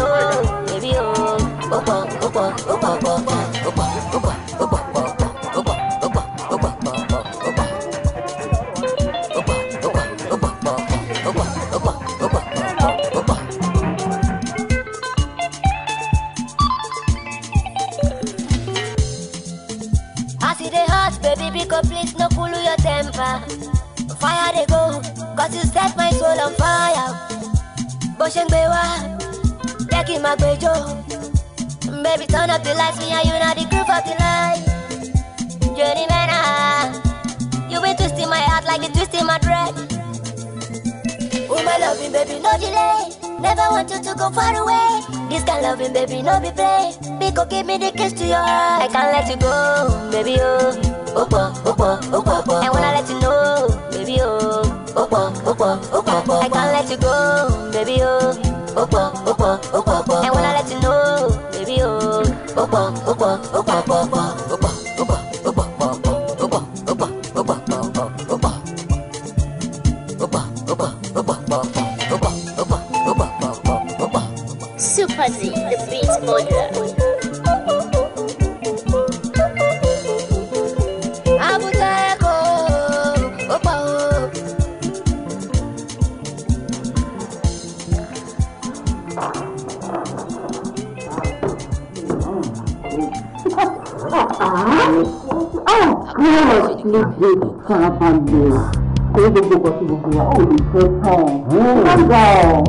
Speaker 12: ṣe ń gbé wá jẹ́ kí n máa gbẹjọ́ baby turn up the lights me and you now the groove of the night joni ah, you been twisting my heart like you twisting my dread. Oh my loving baby no delay never want you to go far away this kind loving baby no be play because give me the kiss to your heart I can't let you go baby oh. Opa, opa, opa, opa. And wanna let you know, baby oh. Opa, opa, opa, opa. I can't let you go, baby, oh. Opa, opa, opa, opa. And when let you know, baby, oh. Opa, opa, opa, opa, opa.
Speaker 1: gbé fara balẹ̀ kó gbogbo
Speaker 3: kan sí gbogbo wa ó lè fẹ́ tán. ó hmm. dà ọ́.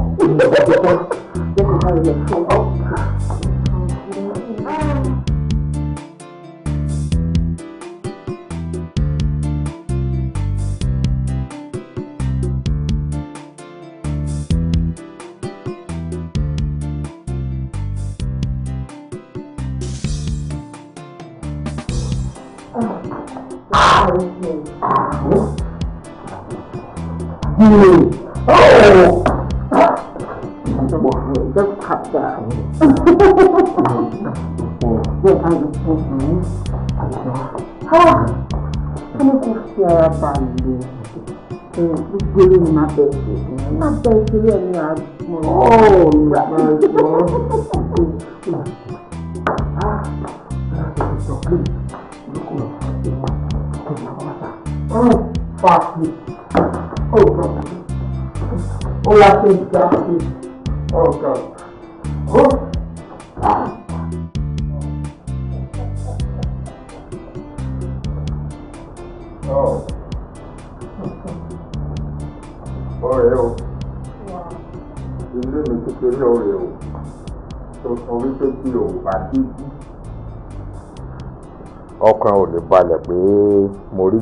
Speaker 1: bẹ̀rẹ̀ má
Speaker 5: bẹ̀rẹ̀ sílẹ̀ ní àárọ̀.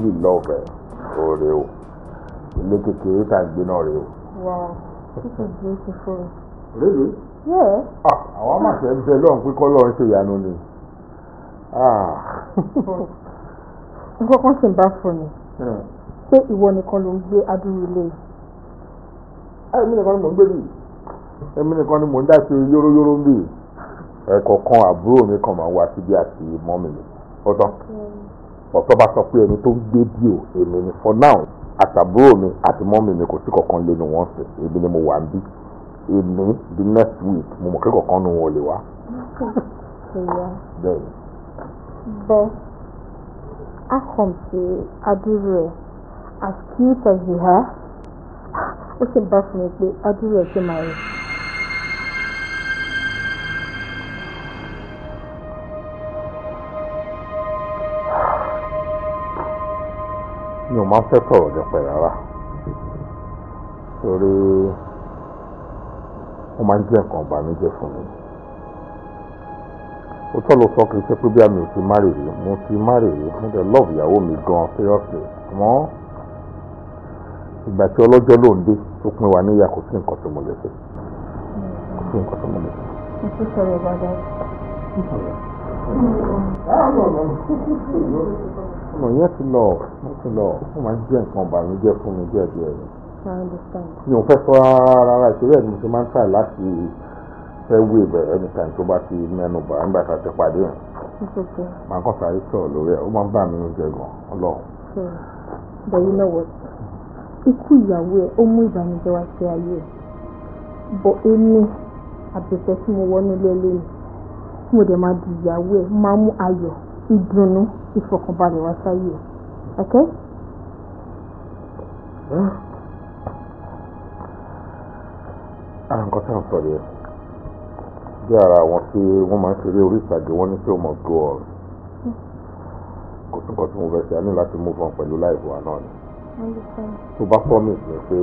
Speaker 2: really love ẹ o rè o ilé kékeré tá à gbé náà rè o.
Speaker 5: wow this is beautiful. really? yeah. ah àwọn àmàṣẹ
Speaker 2: ń bẹ lọ́run pé kọ́lọ́ ń ṣe ìyanu ni. Ah.
Speaker 5: nǹkan kan sì ń bá fún mi pé hm. ìwọ nìkan ló ń gbé adúrú ilé. èmi nìkan ni mò ń gbé bì
Speaker 2: èmi nìkan ni mò ń dá sí yóróyóró bì ẹ̀kọ̀ọ̀kan àbúrò mi kan máa ń wá síbí àti mọ́mì mi ó tán ọ̀tọ́ bá sọ pé ẹni tó ń gbé díò èmi ni for now àtàbúrò mi àti mọ́mì mi kò sí kankan lẹ́nu wọn sè èmi ni mo wà ń bí èmi the next week mo mọ̀ kí kankan nu wọn lè wá.
Speaker 1: bẹ́ẹ̀ bẹ́ẹ̀
Speaker 5: akọ̀m ṣe adúrú ẹ̀ as cute as you are ó sì bá fún mi pé adúrú ẹ̀ ṣe máa rẹ̀.
Speaker 2: mi ò máa ń fẹ́ kọ̀rọ̀ dẹ̀pẹ̀ rárá torí ó máa ń jẹ́ nǹkan ìbànújẹ́ fún mi ó tọ́ ló sọ kì í ṣe pé bí àmì ò ti márì rí mo ti márì rí mo dẹ̀ lọ́ọ̀bù ìyàwó mi gan-an seriously àmọ́ ìgbà tí ọlọ́jọ́ ló ń dé tó pín wa níyà kò sí nǹkan tó mo lè ṣe kò sí nǹkan tó mo lè ṣe.
Speaker 5: I'm so sorry about that
Speaker 2: nà yẹn ti lọ yẹn ti lọ ó máa ń nǹkan ìbànújẹ́ fún mi díẹ̀ díẹ̀ ni. mi ò fẹ́ sọ rárá rárá ìṣeré ti máa ń tà láti fẹ́ wí ìbẹ̀rẹ̀ nìkan tó bá ti mẹ́nu bà nígbà tá a ti pàdé rìn. màá kàn sáré sọ̀rọ̀ lórí ẹ̀ ó máa ń bà mí nínú gan ọlọ́run.
Speaker 1: but you know what
Speaker 5: ikú ìyàwó ẹ ó mú ìbànújẹ́ wá sí ayé ẹ bọ èmi àbẹ̀fẹ́ tí mo wọnú lé lónìí mo dẹ̀ máa di ìyàwó ẹ máa mú ayọ̀ ìdùnnú ìfọ̀kànbalẹ̀ wá sáyé o okay.
Speaker 2: Ah, nǹkan tá à ń sọ yẹn bí ara àwọn tí wọ́n máa ń ṣeré orí ìtàgé wọ́n ní kí o oh mọ̀ go all kò tún kọ́ tí mo fẹ́ ṣe a ní láti move on pẹ̀lú láìpẹ́ wa náà ni tó bá promise mi pé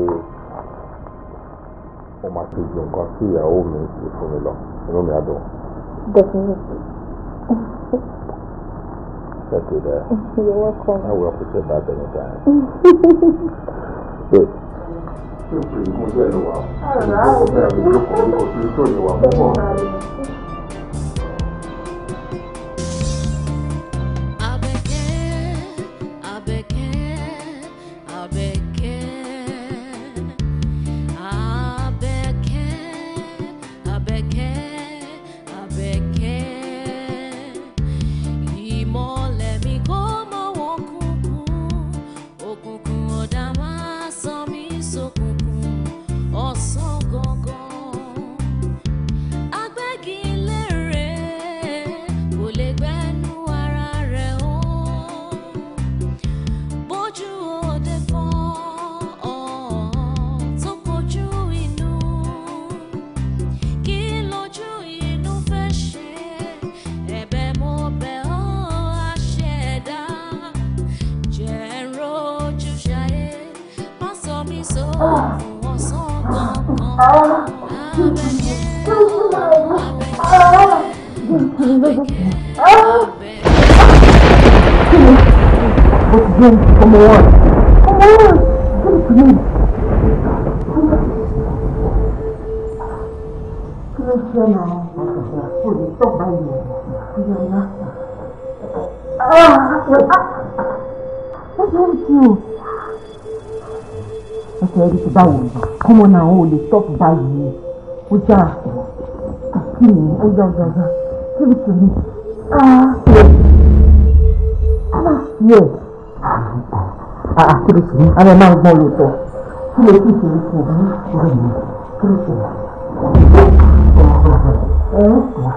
Speaker 2: mo máa ṣe ju nǹkan tí ìyàwó mi ṣe lọ inú mi á dùn.
Speaker 1: definitely.
Speaker 2: Uh, oh, you're welcome. I will forget about that anytime.
Speaker 5: Good. I don't
Speaker 11: know. Come on. Come on.
Speaker 3: Come on. Kí ló ṣe náà? Kò ní tó báyìí. Ìyá ìyá.
Speaker 1: Ah! What happened to you? ṣe ẹrí ti báwo ni
Speaker 3: kọ́mọ náà ò lè stop báyìí ó já kí ni ó yá ọjà ọjà kí ni kí ni
Speaker 1: ah yẹ ah kí ni kí ni àwọn máa ń gbọ́ lóòótọ́
Speaker 5: kí ni kí ni kí ni kí ni kí
Speaker 1: ni kí ni.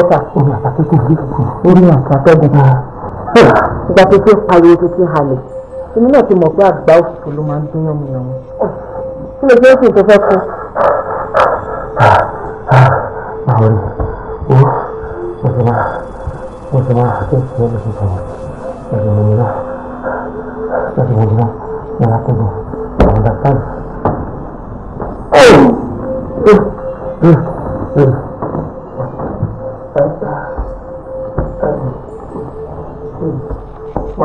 Speaker 3: bọ́tà omi àtàkékèké orí àti atẹ́gùn.
Speaker 5: ìgbà tó ti ń pariwo tó ti ń halẹ̀ èmi náà ti mọ̀ pé àgbà òfìfo ló máa ń dún yànmù yànmù. kí ló ṣe é fún ìtọ́fẹ́ fún.
Speaker 1: àwọn ò mo ti máa mo ti máa ṣe ìṣe ló ti sọ̀rọ̀ ẹ̀rọ mi náà ẹ̀rọ mi náà mo rà tó bọ̀ àwọn dàgbà. Ah.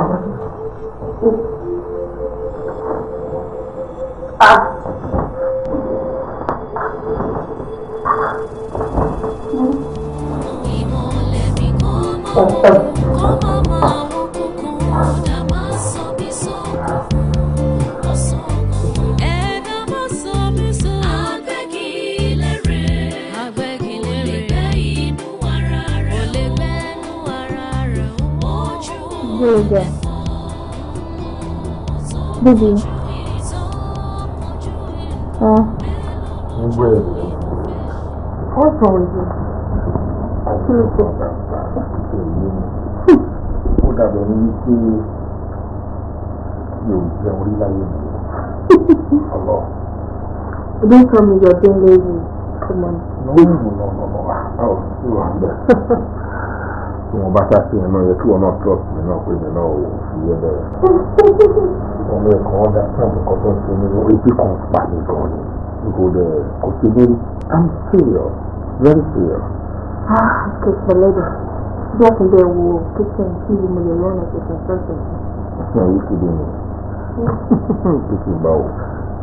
Speaker 11: Oh, oh.
Speaker 5: program. Bíbí.
Speaker 2: Gbogbo ẹ̀ lọ.
Speaker 5: Ó sọ
Speaker 1: òye. Kí ló sọ? Èyí
Speaker 2: ni. Ó dàbẹ̀
Speaker 5: Don't tell me you're being lazy. Come on.
Speaker 2: No, no, no,
Speaker 1: no, no. I was too
Speaker 2: tí wọ́n bá sáà sí ẹ̀ náà yẹ kí wọ́n náà trust mi náà pé mi náà ò fi yẹ bẹ́ẹ̀. ọmọ ẹ̀kọ́ ọ̀dà sáàbù kan tó ń ṣe ní orí kan pa mí ni kò dẹ̀ kò sí ní i'm serious very serious.
Speaker 5: ah kò pẹ̀lẹ́ dà bí wọ́n ti bẹ̀ wo kíkẹ́ tí mo lè lọ́nà tuntun sọ́sọ̀.
Speaker 2: ọ̀sán yìí ti dé
Speaker 5: mi
Speaker 2: kíkì bá wò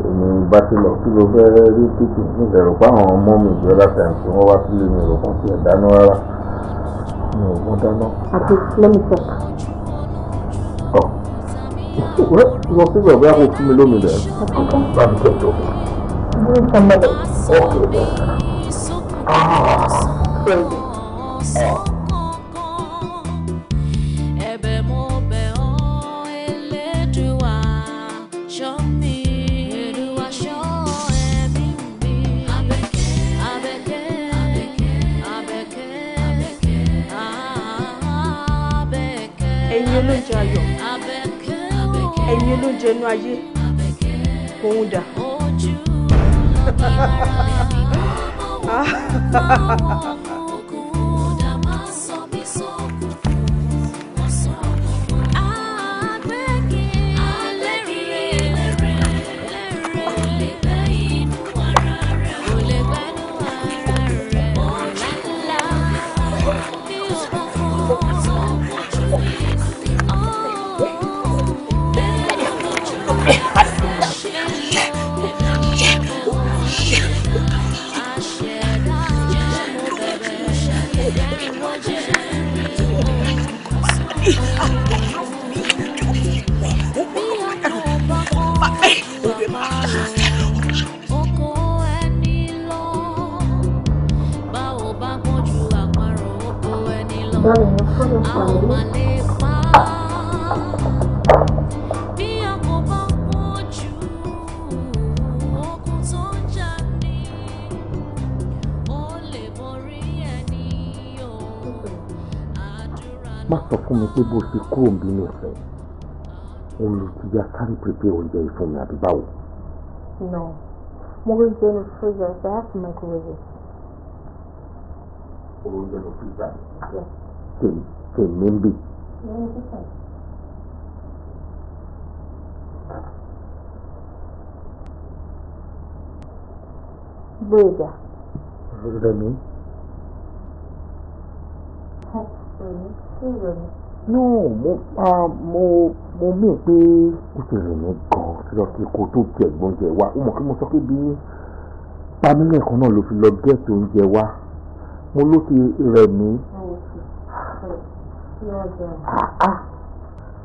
Speaker 2: èmi bá ti lọ kí ló fẹ́ rí kíkì nígbà rẹ̀ pé àwọn ọmọ mi ìjọba tàǹtì wọ́n wá sílé mi rò kàn sí rárá. No, what I know.
Speaker 5: Okay, let me check.
Speaker 2: Oh. what? you are people where hope me lomi there.
Speaker 11: Okay.
Speaker 3: Let me check Give
Speaker 11: me somebody. Okay. Ah. Crazy. Ah. oúnjẹ ayọ̀
Speaker 7: ẹ̀yin olóúnjẹ inú ayé
Speaker 11: òun dà. Ha ha ha ha ha.
Speaker 3: kumbi nifẹ olùtìjàkárí pépé oúnjẹ ìfún mi àbí báwo.
Speaker 5: no mo rí oúnjẹ ní freezer so i have to microwave it.
Speaker 2: oúnjẹ ní freezer.
Speaker 3: tèmi ń bì.
Speaker 5: Bóyá. Rẹ̀mí. Rẹ̀mí. Rẹ̀mí.
Speaker 1: no
Speaker 2: mo
Speaker 5: ah mo mo mí pé
Speaker 2: ó ti rìn mí gan lọ sí kó tó jẹ
Speaker 3: ìgbóúnjẹ wa ó mọ̀ kí mo sọ pé bí pamílẹ̀ kan náà ló fi lọ gẹ́ẹ̀tì oúnjẹ wa
Speaker 2: mo ló ti rẹ̀ mí. Ah,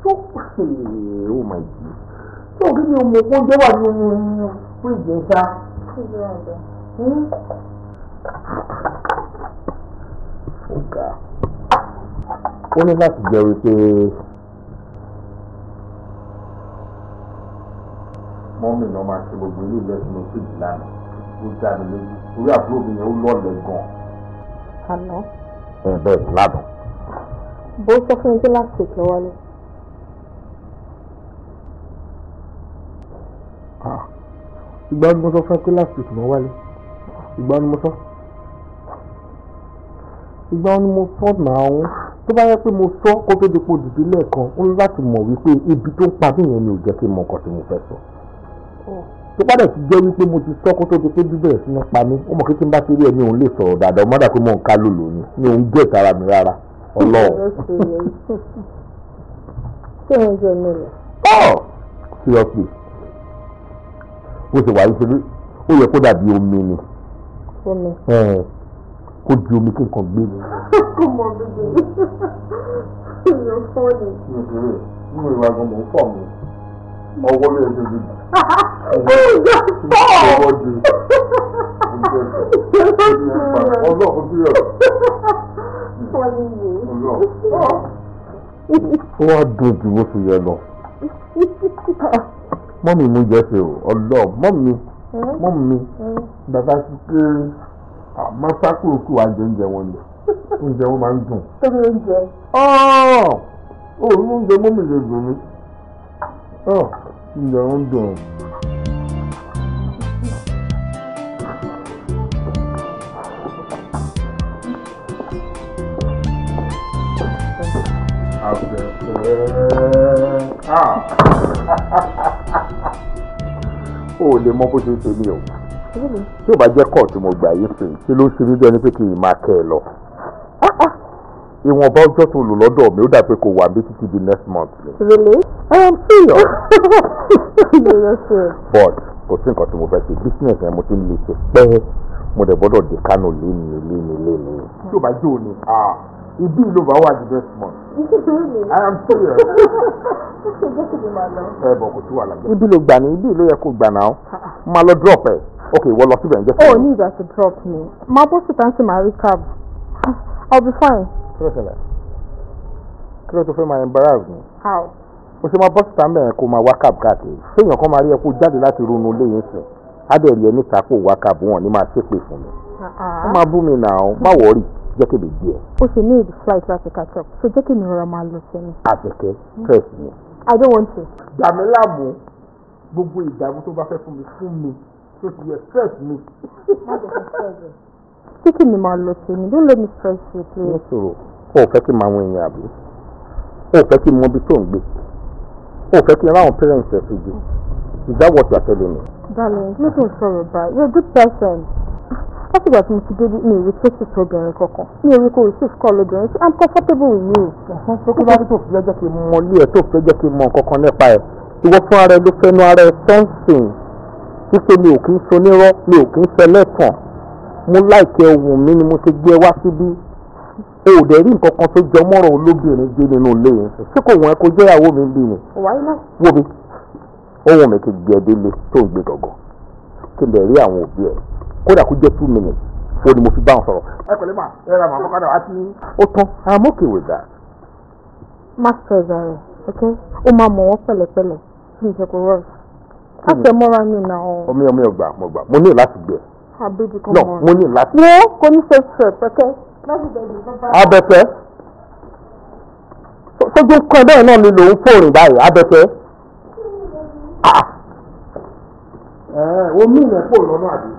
Speaker 2: tó pè é ó mà jí
Speaker 5: tó kí ni mo kó jẹ́ wà
Speaker 3: nínú
Speaker 5: fún ìjẹta. Hmm?
Speaker 2: ó ga ó ní láti jẹ́ wípé mọ́mì náà máa ṣe gbogbo ilé ìlẹ́sìn méjèèjì lánàá ó já mi lójú orí àbúrò mi yẹn ó lọ́ọ̀lẹ̀ gan-an. àná. ẹ bẹ́ẹ̀ ládùn.
Speaker 5: bó sọ fún mi pé láti ètò wọlé. Ah, ìgbà ni mo sọ fún ẹ pé láti ètò náà wálé ìgbà ni mo sọ ìgbà ni mo sọ náà ọ̀hún tó bá yẹ pé mo sọ kó tó di pò dìde
Speaker 2: lẹ́ẹ̀kan ó ní láti mọ̀ wípé ibi tó ń pa mí yẹn ni ò jẹ́ kí n mọ nǹkan tí mo fẹ́ sọ tó bá dẹ̀ ti jẹ́ wípé mo ti sọ kó tó di pé bíbẹ̀ sí ní pa mí ó mọ̀ kí tí n bá ti rí ẹ ní òun lè sọ̀rọ̀ dáadáa ọmọdà pé mò ń ká lòlò ni ní òun gé ìtara mi rárá
Speaker 1: ọlọ́run.
Speaker 5: ṣé mo jẹ mi rẹ. ọ
Speaker 2: seriously mo ṣe wà ní ṣe ó yẹ kó dàbí omi ni. omi kó di omi kí nǹkan gbé mi.
Speaker 1: kò mọ bíbí èèyàn fọ́ ni.
Speaker 2: mi ò wá gan mò ń fọ̀ mi ọwọ́ ló yẹ kí n bí.
Speaker 1: ìyá fọ́ ọwọ́ di ọjọ́ kò sí ọ̀rọ̀. fọ́ọ̀lì yìí.
Speaker 2: ó wá dùn ju bó ṣe yẹ lọ mọ́mì mú jẹ́ ṣe o ọlọ́ọ̀ mọ́mì hmm? mọ́mì hmm? bàbá ti pé mọ́sákùrò kù wá jẹ́ńjẹ́ wọn ni oúnjẹ wọn máa ń dùn. tóbi oúnjẹ. òórùn oúnjẹ mọ́mì lè dùn mí oúnjẹ wọn ń dùn. Àfẹ́fẹ́. Ah! lè mọ bó ṣe ṣe mí o tí ò bá jẹ́ kọ́ọ̀tù mo gbà yí pé ṣé ló ṣe mí bẹ́ẹ̀ ni pé kí n máa kẹ́ ẹ lọ. Ah, ah. ìwọ̀nba ọjọ́ tó lò lọ́dọ̀ mi ó dà pé kò wà mí títí di next month.
Speaker 1: really? I am serious.
Speaker 2: but kò sí nǹkan tí mo fẹ́ ṣe business yẹn mo ti ń ṣe pẹ́ mo dẹ̀ gbọ́dọ̀ dé Kánò léni léni léni. tí ò bá jó ni ah, ibi ìlú bá wà ní next month.
Speaker 1: I am serious.
Speaker 2: Eh, ibi ló gbà ní ibi ló yẹ kó gbà náà máa lọ drop ẹ̀. Okay, well, lọ síbẹ̀ ń
Speaker 3: oh
Speaker 5: need to drop me máa bó síta ń sì máa rí cab i'll be fine.
Speaker 2: kí ló ṣẹlẹ̀ kí ló
Speaker 5: tó fẹ́ máa embarrass
Speaker 2: mi. how. mo ṣe máa bọ́ síta mẹ́rin kó máa wá cab káàkiri séèyàn kan máa rí ẹ kó jáde láti ronú léyìn sìn adẹ̀rí ẹ níta kó wá cab wọn ni máa ṣépè fún mi.
Speaker 1: ó uh-uh. máa
Speaker 2: bú mi nà án má wọ̀ọ́rì jẹ́ kébè díẹ̀.
Speaker 5: o ṣe ní ìdí flight láti catch up so jẹ́ kí mi rọra máa lọ sẹ́yìn.
Speaker 2: àtẹ̀kẹ́
Speaker 1: stress mi.
Speaker 5: i don't want to.
Speaker 3: dàmí láàmú gbogbo ìdààmú tó bá fẹ́ fún
Speaker 5: mi fún mi tó ti yẹ stress me. Speaking kì my màá don't let me stress you please. mo
Speaker 2: sòrò o ò fẹ́ kí n máa wọn èèyàn àbí o ò fẹ́ kí n mọ ibi tó ń gbé o fẹ́ kí n ráwọn parents ẹ̀ fi gbé is that what you are telling me.
Speaker 5: darling kí ló tó ń sọ̀rọ̀ báyìí a good person látìgbà tí mo ti dé mi ìwé tó sì tóbìnrin kankan mi ò rí kó receive call lóbìnrin I am comfortable with you. tó bá rí tó fi jẹ́ kí
Speaker 3: n mọ ilé ẹ̀ tó fi jẹ́ kí n mọ nǹkan kan nípa ẹ̀ ìwọ fún ara ẹ ló fẹ́ nu ara ẹ sẹ́ńsìn wípé mi ò kí ń sonírọ́ mi ò kí ń ṣẹlẹ́tàn mo láìkẹ́ ohun mi ni mo ti gbé ẹ wá síbí o ò dẹ̀ rí nǹkan kan tó jọ mọ́rọ̀ olóbìnrin gbé nínú ilé yẹn ṣé kò wọ́n ẹ kó jẹ́ ìyàwó mi ń bì ní. wo mi ohun mi ti gbé ẹ délé tó ń gbé
Speaker 2: gọ̀gọ̀ kí n lè rí àwọn òbí ẹ kódà kó jẹ́ two minutes o ni mo fi bá wọn sọ̀rọ̀.
Speaker 3: ẹ kò lè mà ẹ ra màmá kọ́dà wá sí.
Speaker 5: ó tán I'm okay with that. má sọ ìgbà rẹ̀ ok ó máa mọ̀ wọ́n pẹ̀lẹ́pẹ̀lẹ́ kí n jẹ́ kó rọrùn afẹ mọra mi na ọ.
Speaker 2: ọmọ ọmọ ọgbà mo gbà mo ní láti gbẹ.
Speaker 5: àbíbi kan mọ mo ní láti. wo kò ní ṣe ṣe
Speaker 2: pẹkẹ. abẹfẹ sójú kan
Speaker 3: bẹ́ẹ̀ náà ni lòun fòrìn báyìí abẹfẹ. omi ilẹ̀ pò lọ́nà àbí.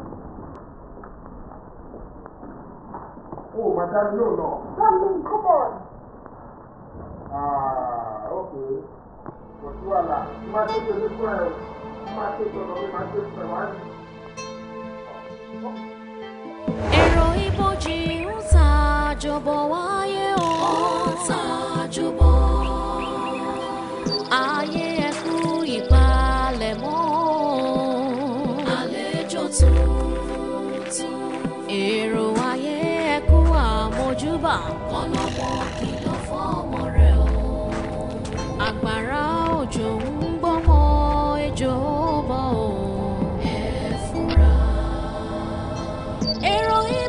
Speaker 3: o ò máa dá lóò náà. dáàbò come on. ah ok kò sí wàhálà má tó ṣe ní fún
Speaker 1: èrò
Speaker 11: ibojì ń ta àjọbọ wáyé o. ó ta àjọbọ. ayé ẹkú ìpalẹ̀mọ́. àlejò tuntun. èrò ayé ẹkú àmójúbà. ọlọ́mọ kìlọ̀ rẹ̀ o. àgbàrá òjò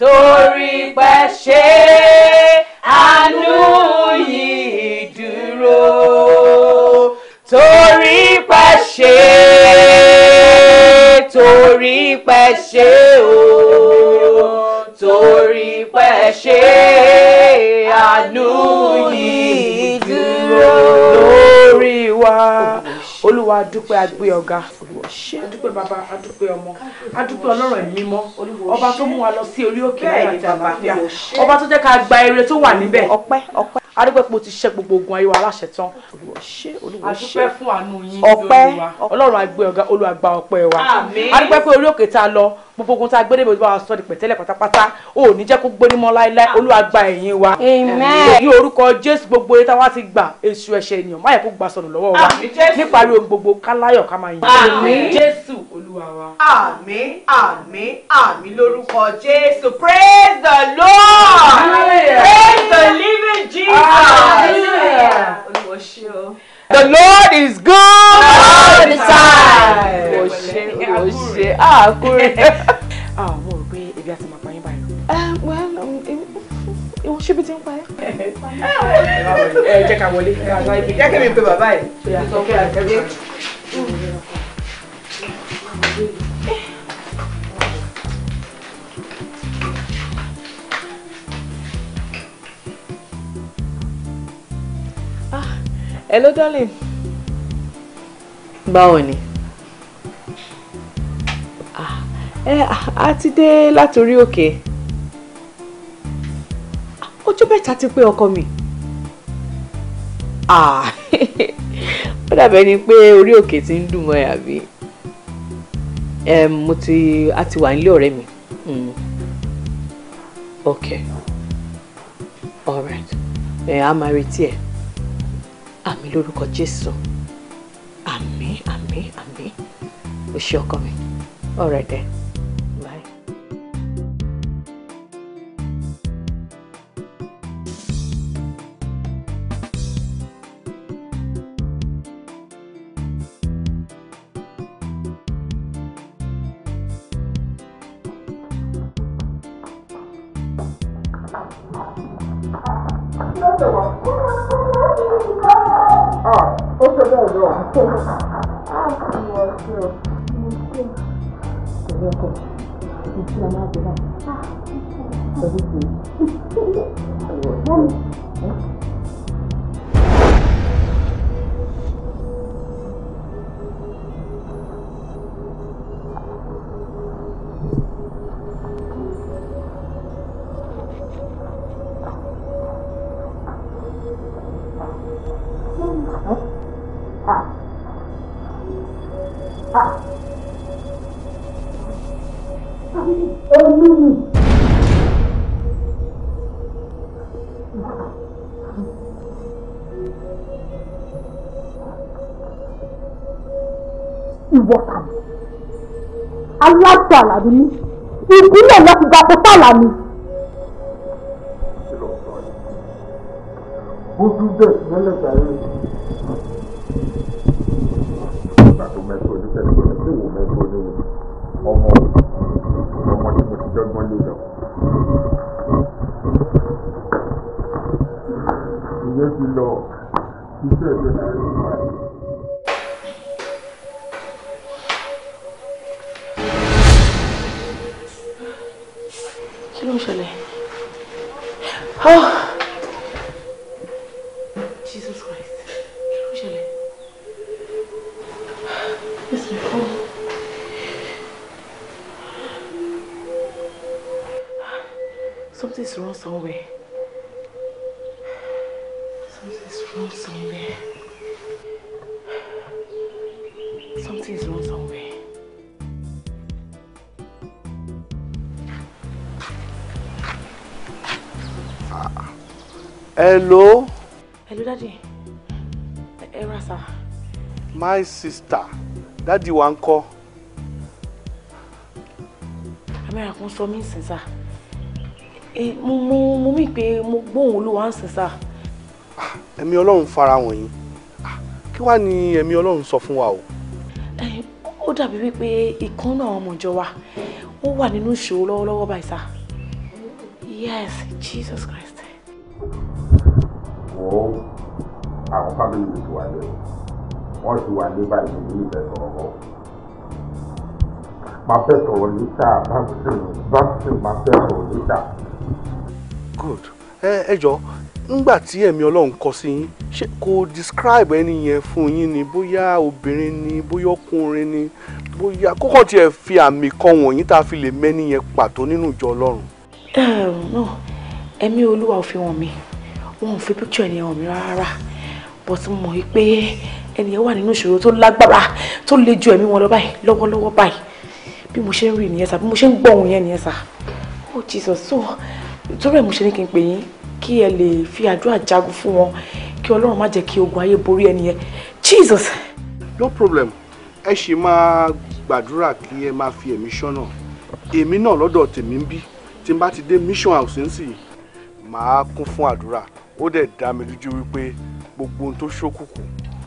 Speaker 9: torí pẹ́ ṣe àánú
Speaker 11: yìí dúró
Speaker 9: torí
Speaker 11: pẹ́ ṣe torí pẹ́ ṣe o torí pẹ́ ṣe àánú
Speaker 9: yìí dúró olúwa dúpẹ́ adúpẹ́ ọ̀gá ṣé adúpẹ́ bàbá adúpẹ́ ọmọ adúpẹ́ ọlọ́rọ̀ ẹ̀mí mọ́ ọba tó mú wa lọ sí orí òkè náà àti àlàáfíà ọba tó jẹ́ ká gba èrè tó wà níbẹ̀. ọpẹ́ ọpẹ́ adúpẹ́pọ̀ ti ṣe gbogbo ogun ayé wa aláṣẹ tán olúwa ṣe olúwa ṣe ọpẹ́ ọlọ́run àgbẹ̀ ọ̀gá olúwa gba ọpẹ́ wa adúpẹ́pọ̀ orí òkè tá a lọ gbogbo ogun tá a gbé débi olúwa wa sọ di pẹ̀tẹ́lẹ̀ pátápátá ò ní jẹ́ kó gbóni mọ́ láéláé olúwa gba ẹ̀yìn wa ní orúkọ jésù gbogbo eré táwa ti gbà èṣù ẹ̀ṣẹ̀ ènìyàn má yẹ kó gbà sọnù lọ́wọ́ wa níparí ohun gbogbo káláyọ̀ ká máa yìn jésù olúwa wa. àmín àmín àmín lórúkọ jésù praise the lord Hallelujah. praise the living jesus. Hallelujah. olúwa o. The Lord is good all the time. Ó ṣé ó ṣé àkúrẹ́. Àwọn ò gbé ebi àti màpá yín báyìí. Eh, um, um, Ìwọ̀n ṣíbi ti ń pa ẹ́. Ẹ eh, jẹ́ ká wọlé. Jẹ́ kí mi pe bàbá ẹ̀. Ìyá sọ fún Ah, Hello, darling.
Speaker 5: Báwo ni? Ẹ
Speaker 7: ah,
Speaker 9: eh, a ti dé látòrí òkè. Ojú mẹ́ta ti pé ọkọ mi. Ah, ó dàbẹ̀ ni pé orí òkè ti ń dùn mọ́ ẹ̀ àbí? mo ti a ti wà nílé ọ̀rẹ́ mi hmm. ok alright a máa retí ẹ àmì lórúkọ Jésù àmì àmì àmì
Speaker 5: o ọkọ mi alright ẹ. Eh.
Speaker 3: dókítà àlàní ní ìpínlẹ̀ lọ ti gbapò fàlàní. bójú
Speaker 2: bẹ́ẹ̀ mẹ́lẹ̀ sáré. nígbà tó mẹ́tò oníṣẹ́ tó lọ sí ìwò mẹ́tò oníwò ọmọ ọmọ tí mo ti dọ́gbọ́n lé lọ. ìyẹn ti lọ iṣẹ́ ìjọba ìjọba.
Speaker 9: Oh. hello. hello daddy ẹ eh, eh, ra sa.
Speaker 10: my sister daddy wa call.
Speaker 9: I'm amẹ́ra to sọ sir. sìn sá eh, mo mo mo mí pé mo gbóhùn olúwa ń sìn sá.
Speaker 10: Ah, ẹ̀mí ọlọ́run fara wọ̀nyí ah, kí wàá ní ẹ̀mí ọlọ́run sọ fún wa o.
Speaker 9: ó dàbí wípé ìkan náà ọmọ ìjọ wa ó wà nínú ìṣòro lọ́wọ́lọ́wọ́ báyìí sá. yes jesus christ.
Speaker 1: pé ìlú ti wà lé o wọ́n ti wà lé báyìí ní ìfẹ́ sọ̀rọ̀ bọ̀.
Speaker 10: máa fẹ́ sọ̀rọ̀ níta báńkì báńkì máa fẹ́ sọ̀rọ̀ níta. good ẹ ẹ jọ nígbà tí ẹ̀mí ọlọ́run kọ sí yín ṣé kò describe ẹni yẹn fún yín ni bóyá obìnrin ni bóyá ọkùnrin ni bóyá kókó tiẹ̀ fi àmì kan wọ̀nyí tá a fi lè mẹ́ni yẹn pàtó nínú ìjọ ọlọ́run.
Speaker 9: ẹ̀mí olúwa ò fi wọ̀n mi wọn ò fi picture ẹni hàn mi rárá but mo mọ̀ pé ẹni yẹn wà nínú ìṣòro tó lágbára tó le ju ẹ̀mí wọn lọ báyìí lọ́wọ́lọ́wọ́ báyìí bí mo ṣe ń rí nìyẹn sà bí mo ṣe ń gbọ́ ohun yẹn nìyẹn sà oh Jesus so torí ẹ̀ mo ṣe ní kí n pè yín kí ẹ lè fi àdúrà jagun fún wọn kí ọlọ́run má jẹ́ kí ogun ayé borí ẹni yẹn Jesus.
Speaker 10: no problem ẹ ṣì máa gbàdúrà kí ẹ máa fi ẹ̀mí ṣọ́nà èmi náà lọ́dọ̀ tèmi ń bí tí n bá ti dé mission house ń sì máa kún fún àdúrà ó dẹ̀ dá mi lójú wípé gbogbo ohun tó ṣókùnkùn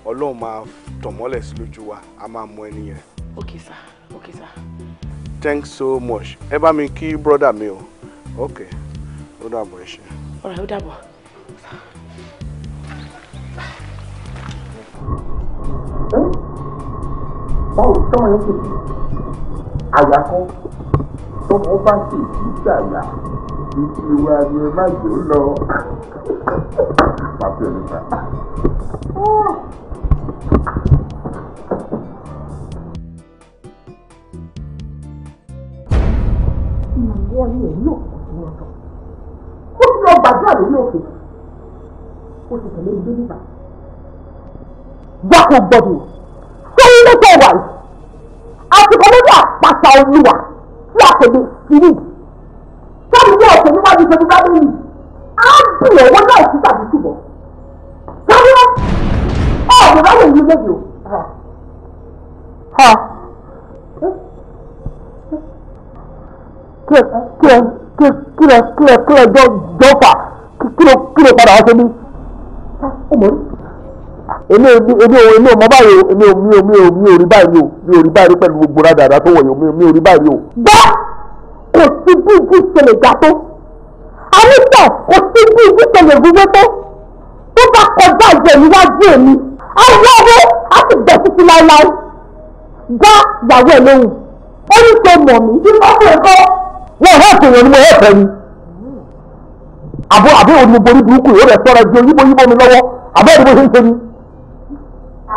Speaker 10: ọlọ́run máa tọ̀mọ́lẹ̀ sí lójú wa a máa mọ ẹni yẹn. ok sir ok sir. thanks so much ẹ bá mi kí brọ́dà mi o ok ó dàbọ̀ ẹ ṣe. ọ̀rẹ́ ó dàbọ̀. báwo
Speaker 3: sọ́mọ ní kìkì àyà kan tó mọ́ bá sì kí gbàgbà
Speaker 2: títí wa ni ẹ má jò lọ. Pàpẹ́ mi ta.
Speaker 3: Ìwọ ni èyí ò fún ọ̀dọ̀. Ó ti lọ gbàdúrà lórí òkè. Ó ti tẹ̀lé ilé nígbà. Wákò gbọ́dọ̀. Ṣé ilé tó wà yìí? Àsìkò lórí àpáta olúwa tí a kò lè fi ní ìdí ti ṣe bíbá lẹ́yìn á bì ọwọ́ náà sí tàbí ṣùgbọ́n sáré ọ̀rọ̀ ráyè yìí lẹ́yìn o. kílẹ̀ kílẹ̀ kílẹ̀ jọ jọ́fà kílẹ̀ kílẹ̀ padà wá sóbi. èmi èmi èmi ò èmi ò mọ báyìí o èmi ò mi ò mi ò mi ò rí báyìí o mi ò rí báyìí pẹ̀lú gbogbo rádàrá tó wọ̀nyí o mi ò mi ò rí báyìí o. bẹ́ẹ̀ kò sí bí ìdí ìṣẹ̀lẹ̀ ga tó anita kò sí bí ìdíje lè wúwo tó tó bá kọjá ìjẹ níwájú èmi ọwọ́ owó á sì bẹ̀ títí láéláé gbá ìyàwó ẹ̀ lóhùn ó ní kò mọ̀ mí kí wọ́n fẹ́ kọ́. wọ́n hẹ́ ìpènyàn ni mo hẹ́ ìpẹ́ni àbó àbó òní mo borí burúkú yóò rẹ̀ sọ́ra ju oyíbo yíbo mi lọ́wọ́ àbẹ́ ìdìbò ṣe ń ṣe ni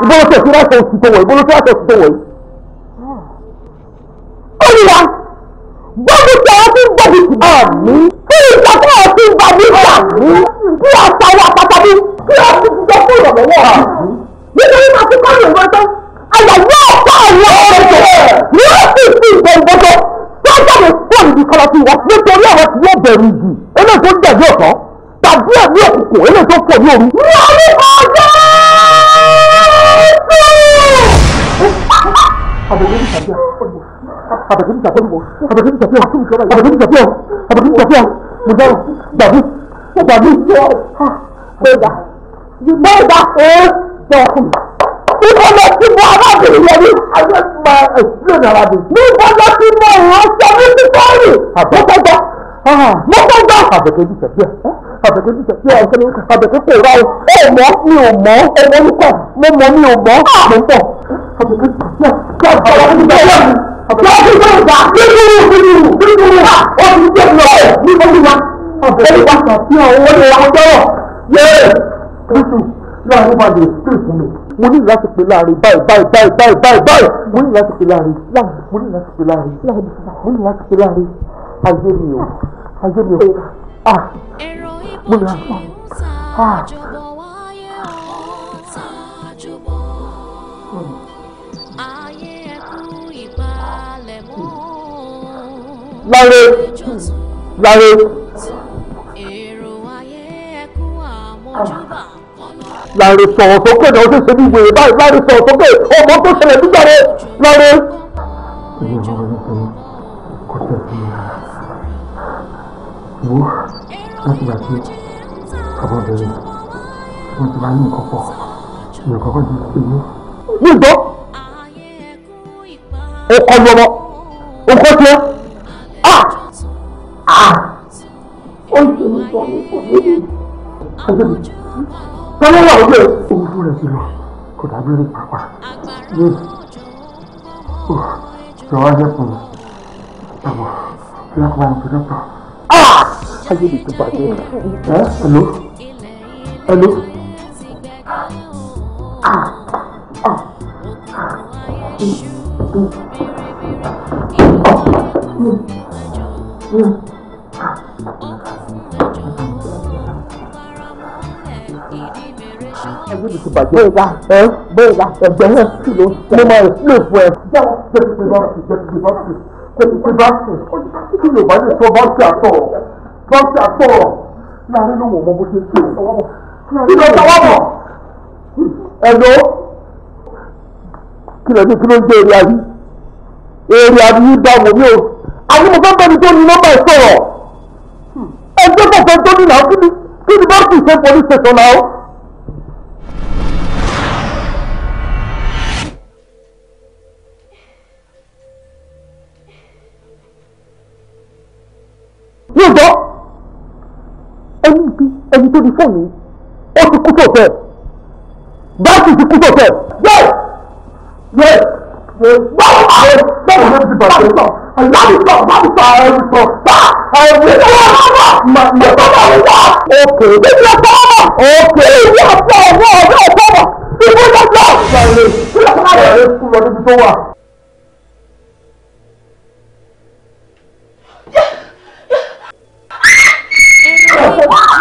Speaker 3: ìbolo tó ìṣúra ṣe tó ìṣúra ṣe wọ̀
Speaker 1: ó nira gbọ́dọ̀ tí a ti ń gbọ́dọ̀ ọgbọ́n ọtí gba nígbà kí ọ̀sà wà pàtàkì kí ó
Speaker 3: ti jẹ fún ìrànlọ́wọ́ nítorí máa ti kọ́ ìrànlọ́wọ́ tó àyà yóò kọ́ ọ̀rọ̀ ọ̀rọ̀ ni ó sì fi ìgbẹ̀rùgbọ́tọ̀ tó jáde fún ìdí kan láti wọ́n nítorí ọ̀rọ̀ tí yóò bẹ̀rù ìdì eléyìí tó ń dẹ̀bí ọ̀tọ̀ tàbí ẹ̀mí òkùnkùn eléyìí tó pọ̀ ní òru. lórí ọjọ́ Abẹ̀kẹ́ ní ìjàpẹ́ ọ̀hún. Abẹ̀kẹ́ ní ìjàpẹ́ ọ̀hún. Abẹ̀kẹ́ ní ìjàpẹ́ ọ̀hún mo fẹ́ràn gbàgbé mo gbàgbé ìṣe ọ̀ gbẹ̀dà gbẹ̀dà ẹ̀ dọ̀kùn. Níbo lọ sí mo arábìnrin yẹn ní ayé máa explain ara mi. Níbo lọ sí mo ìránṣẹ́ ní sísọ́ọ̀rì. Àbẹ̀kẹ́ gbà. Mọ́tò gbà. Àbẹ̀kẹ́ ti tẹ̀síẹ̀. Àbẹ̀kẹ́ ti tẹ̀síẹ̀ ọ̀sẹ̀ àbẹ̀kẹ́ kò rà o. Ẹ mọ̀
Speaker 5: mi ò mọ̀ ọmọ orúkọ. Mo mọ̀ mi ò mọ̀. Mo ń bọ̀. Àbẹ̀kẹ́ ti
Speaker 1: tẹ̀síẹ̀ lọ́sí tó gbà kíkúrú kíkúrú kíkúrú wa ó ti jẹ́ lọ́wọ́ ní olúwa olúwa sàn sí ọ̀hún olúwa ọjọ́rọ̀ yẹ́ẹ̀ kristu
Speaker 3: láàrin bá lè tún fún mi mo ní láti pè láàrin báyìí báyìí báyìí báyìí báyìí báyìí mo ní láti pè láàrin mo ní láti pè láàrin mo ní láti pè láàrin ayé mi o
Speaker 11: ayé mi o ah mo ní láti pè láàrin ah. láre
Speaker 3: láre. láre sọ̀rọ̀ sókè náà ó ṣe bí ìwé báyìí láre sọ̀rọ̀ sókè ọmọ tó ṣẹlẹ̀ nígbà rẹ̀ láre.
Speaker 5: wo láti gbà tí ọmọbìnrin wọn ti máa ní nǹkan pọ̀ nǹkan kan ti ṣe mí. mi ó
Speaker 3: kọ́ lọ́wọ́. síbi tọ́lá
Speaker 5: wà lóde ojú rẹ̀ ti lọ kò dàbí rí pàpà ní ìjọba jẹ́ fún mi àmọ́ bí wọ́n kọ́ àwọn ìpínlẹ̀ tó
Speaker 3: ayé mi ti bàjẹ́ ẹ ẹ̀ló
Speaker 5: ẹ̀ló.
Speaker 11: Yeah.
Speaker 3: bàjẹ́. bóyá ẹ bóyá ẹgbẹ́ náà sì ló ń sẹ́yìn. mo máa ìpínlẹ̀ fún ẹ. jẹ́wọ́ jẹ́kùpé bọ́ọ̀sì jẹ́kùpé bọ́ọ̀sì jẹ́kùpé bọ́ọ̀sì kí ló bá lè sọ bọ́ọ̀sì àtọ̀ bọ́ọ̀sì àtọ̀ láàrin ló wọ̀ mọ́ bó ṣe ń ṣe kí ló sọ wọ́pọ̀ ẹ̀lọ́ kí ló dé kí ló ń gbé èrè ayé èrè ayé yìí dá wò mí o àti mo fẹ́ bẹ́ni tó ní nọ́mbà ìsọ̀rọ̀ ẹgbẹ́ bọ̀fẹ́ tó ní náà kí ni bọ́ọ̀sì ṣe police station náà. lóòótọ́ ẹni ibi ẹni tó di fóònù ó ti kú sóòtẹ́ báàsì ti kú sóòtẹ́ yẹ yẹ yẹ
Speaker 1: báwo àwọn báwo ló ti bàjẹ́ sọ láti sọ láti sọ àwọn ẹni sọ bá àwọn ẹni sọ ma ma bá wà ní wá. òkè bíbí ọ̀pọ̀ ọmọ òkè bíbí ọ̀pọ̀
Speaker 3: ọmọ ọ̀dọ́ ọ̀pọ̀ ọmọ bíbí ọ̀pọ̀ ọmọ. ìwé lọ́jọ́ ìgbà rẹ̀ kí lọ́kọ́ rẹ̀ kú lọ níbi tó wà.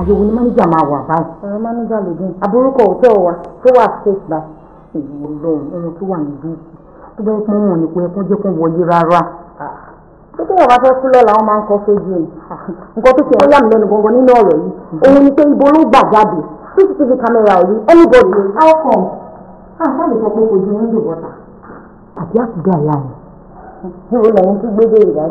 Speaker 11: àyẹ̀wò ni mánéjà máa wà báyìí.
Speaker 3: ọ̀rọ̀ mánéjà ló dùn. àbúrúkọ òtẹ́ wa tó wà fake by. ìwọ lọ́hùn ohun tó wà níbí tó bá yẹ kí wọ́n mọ̀ nípa ẹ̀kún jẹ́ wọlé rárá. bá fẹ́ kú máa ń kọ́ fẹ́jì ẹ̀ nǹkan tó yà mí lẹ́nu gangan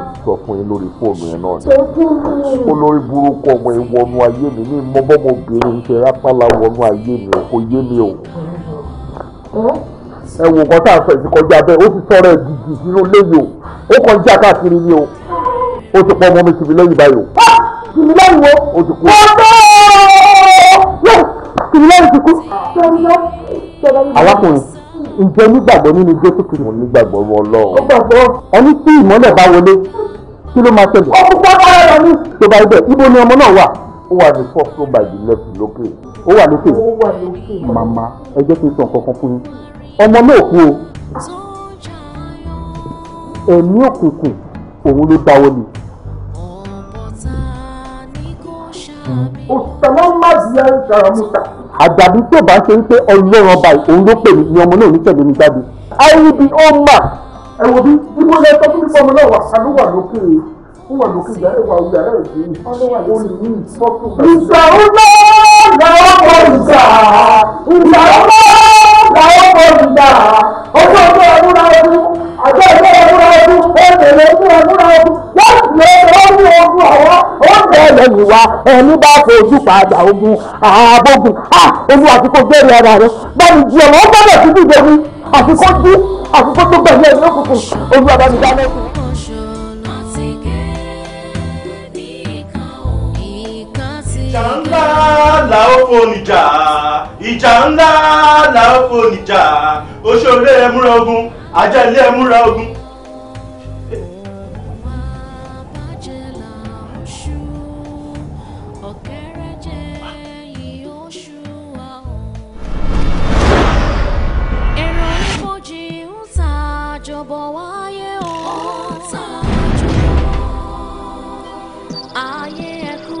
Speaker 3: sọ fún yín lórí fóònù yẹn náà ni olórí burúkú ọmọ yẹn wọnú ayé mi ní mọ́bọ́mọbìnrin ṣe rápálá wọnú ayé mi ò kò yé mi o ẹ wo nǹkan tá a fẹ̀ sí kọjá bẹ́ẹ̀ ó ti sọ̀rọ̀ ẹ̀ gidi sínú léyìí o ó kọjá káàkiri ni o ó ti pọ̀ ọmọ mi tìmí lẹ́yìn báyìí o. Ah! tìmí lẹ́yìn wo. ó ti kú. ọ̀dọ́ tìmí lẹ́yìn ti kú. alákùnrin ǹjẹ́ nígbàgbọ́ nínú jésù kristu. mo nígbàgbọ́ wọ ọlọ́run. ó gbàgbọ́. ẹni tí ìmọ́lẹ̀ bá wọlé kí ló máa tẹ̀lé.
Speaker 12: ọkùnrin bá wà ní.
Speaker 3: tó bá ibẹ̀ ibo ni ọmọ náà wà. ó wà ní four floor by lókè. ó wà lókè. ó wà lókè. màmá ẹ jẹ́ kí n sọ nǹkan kan fún yín. ọmọ náà kú o. ẹ̀mí òkùnkùn òun ló dáwọ́ ni. òṣèlú má di ẹ̀rí kàràmùtà àgbàbí tó bá ṣe ń pé ọlọ́run ọba òun ló pè mí ni ọmọ náà ní tẹ̀lé mi jáde iub ó mà. ẹ wo bí ibo lẹ tọ́jú nípa ọmọ náà wà alúwà lókè wà lókè ìyá ẹ̀wà òyà rẹ̀ yìí ọlọ́wà lórí mi
Speaker 12: ìfọ́tò. ìgbà ó lọ́ọ́ lọ́wọ́ ìgbà ìgbà ó lọ́ọ́ lọ́wọ́ ìgbà ọjọ́ ọjọ́ ẹ̀múra ọdún àjọ ẹ̀múra ọdún ẹ̀mẹ̀rẹ̀ ẹ̀múra ọdún
Speaker 3: àtẹ̀yìn wa ẹni bá fojú padà ogun àbógun à olúwa àti kò ara rẹ báyìí ju ọ̀rọ̀ gbọ́dọ̀ tún dìde ní àfikó dí àfikó tó gbẹ̀yìn ẹni òkùnkùn
Speaker 10: olúwa bá mi
Speaker 11: ìjà ńlá la
Speaker 10: ó fonìjà ìjà ńlá la ó fonìjà oṣù ilé ẹmúra ogun ajá ilé ẹmúra ogun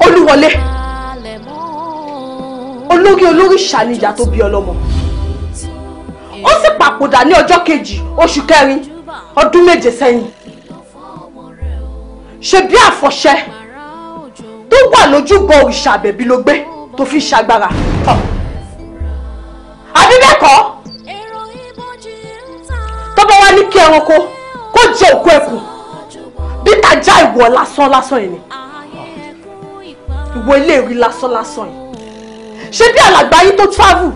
Speaker 3: olúwọlé olórí olóríṣà ni ìyá tó bí ọlọ́mọ ó sì papòdà ní ọjọ́ kejì oṣù kẹrin ọdún méje sẹ́yìn ṣe bí àfọ̀ṣẹ tó wà lójúbọ òrìṣà àbẹ̀bí ló gbé tó fi ṣagbára àbí bẹ́ẹ̀ kọ́ jẹ ẹranko
Speaker 9: kó jẹ òkú ẹkùn bí tajá ìwọ lásán lásán yìí ni ìwọ iléèrí lásán lásán yìí ṣé bí alàgbà yín tó travel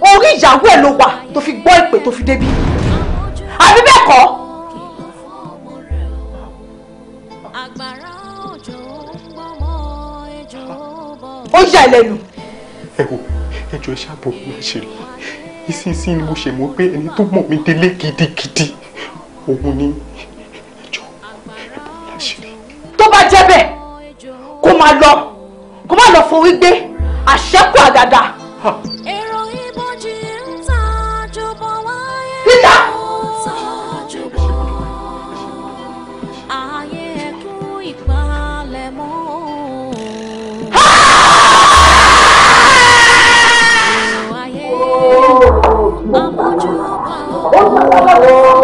Speaker 9: orí ìyàwó ẹ̀ ló wà tó fi gbọ́ ìpè tó fi débí àbí bẹ́ẹ̀ kọ́.
Speaker 3: ó yà ẹ lẹ́nu.
Speaker 10: ẹ wo ẹjọ ẹ ṣàbọ̀
Speaker 3: máa ṣe lọ ìsinsìnyí ni mo ṣe mọ̀ pé ẹni tó mọ̀ mí délé gidigidi òun ni ẹjọ́ ẹ̀bùn tó bá jẹ́ bẹ́ẹ̀ kó máa lọ kó máa lọ fún gbé àṣẹ́kù àgàdà.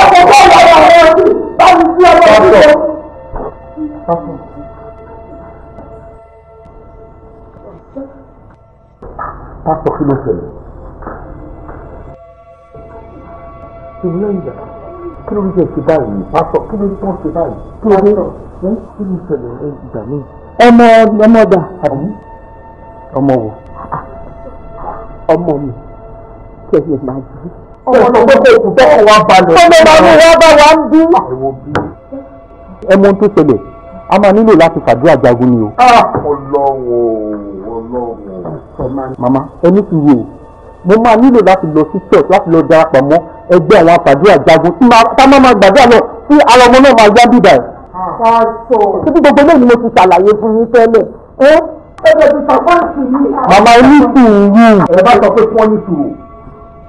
Speaker 1: àkókò ìyàwó àwọn ọtí báyìí que não ìdílé.
Speaker 2: Pásítọ̀ kí ló ṣẹlẹ̀?
Speaker 3: Ìlú ẹ̀yà kí ló ń jẹ́ ìṣe báyìí? Pásítọ̀ kí ló ń pọ̀ ṣe báyìí? Kí ló dé? Kí ló ṣẹlẹ̀ ìgbà mi? Ọmọ ọmọ ọ̀dà. Ọmọ wo? Ọmọ mi. Kí ẹ ṣe ẹmọ tó ṣẹlẹ̀ a máa nílò láti fàdúrà jagun ni o. Ah, màmá ẹni tí wo mo máa nílò láti lọ sí church láti lọ darapọ̀ mọ́ ẹgbẹ́ àwọn àfàdúrà jagun tí máa máa gbàdúrà lọ tí ara ọmọ náà máa yá bíbà ẹ̀. títí gbogbo náà ni mo ti ṣàlàyé fún yín tẹ́lẹ̀
Speaker 1: ẹ́ ẹ̀rọ ti sàpáǹsì yìí. màmá ẹni
Speaker 3: tí ń yí. ẹ bá sọ pé kí wọ́n ní sùúrù.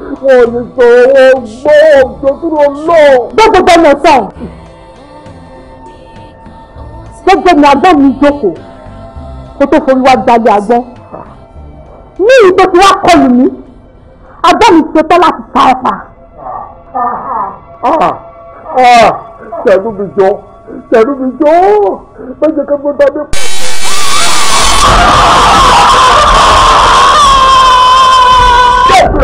Speaker 3: wọn ò ní sọ owó gbọ́ òdòdúró náà. gbogbo gbọ́nà tán gbogbo ní agbọ́n mi jókòó kó tó forí wá gbalẹ̀ agbọ́n ní ìlú tó ti wá kọlù mí agbọ́n mi ṣe tán láti ta ẹ̀pà. tẹ̀lú mi jọ tẹ̀lú mi jọ bẹ́ẹ̀ jẹ́ kí n bó dábẹ́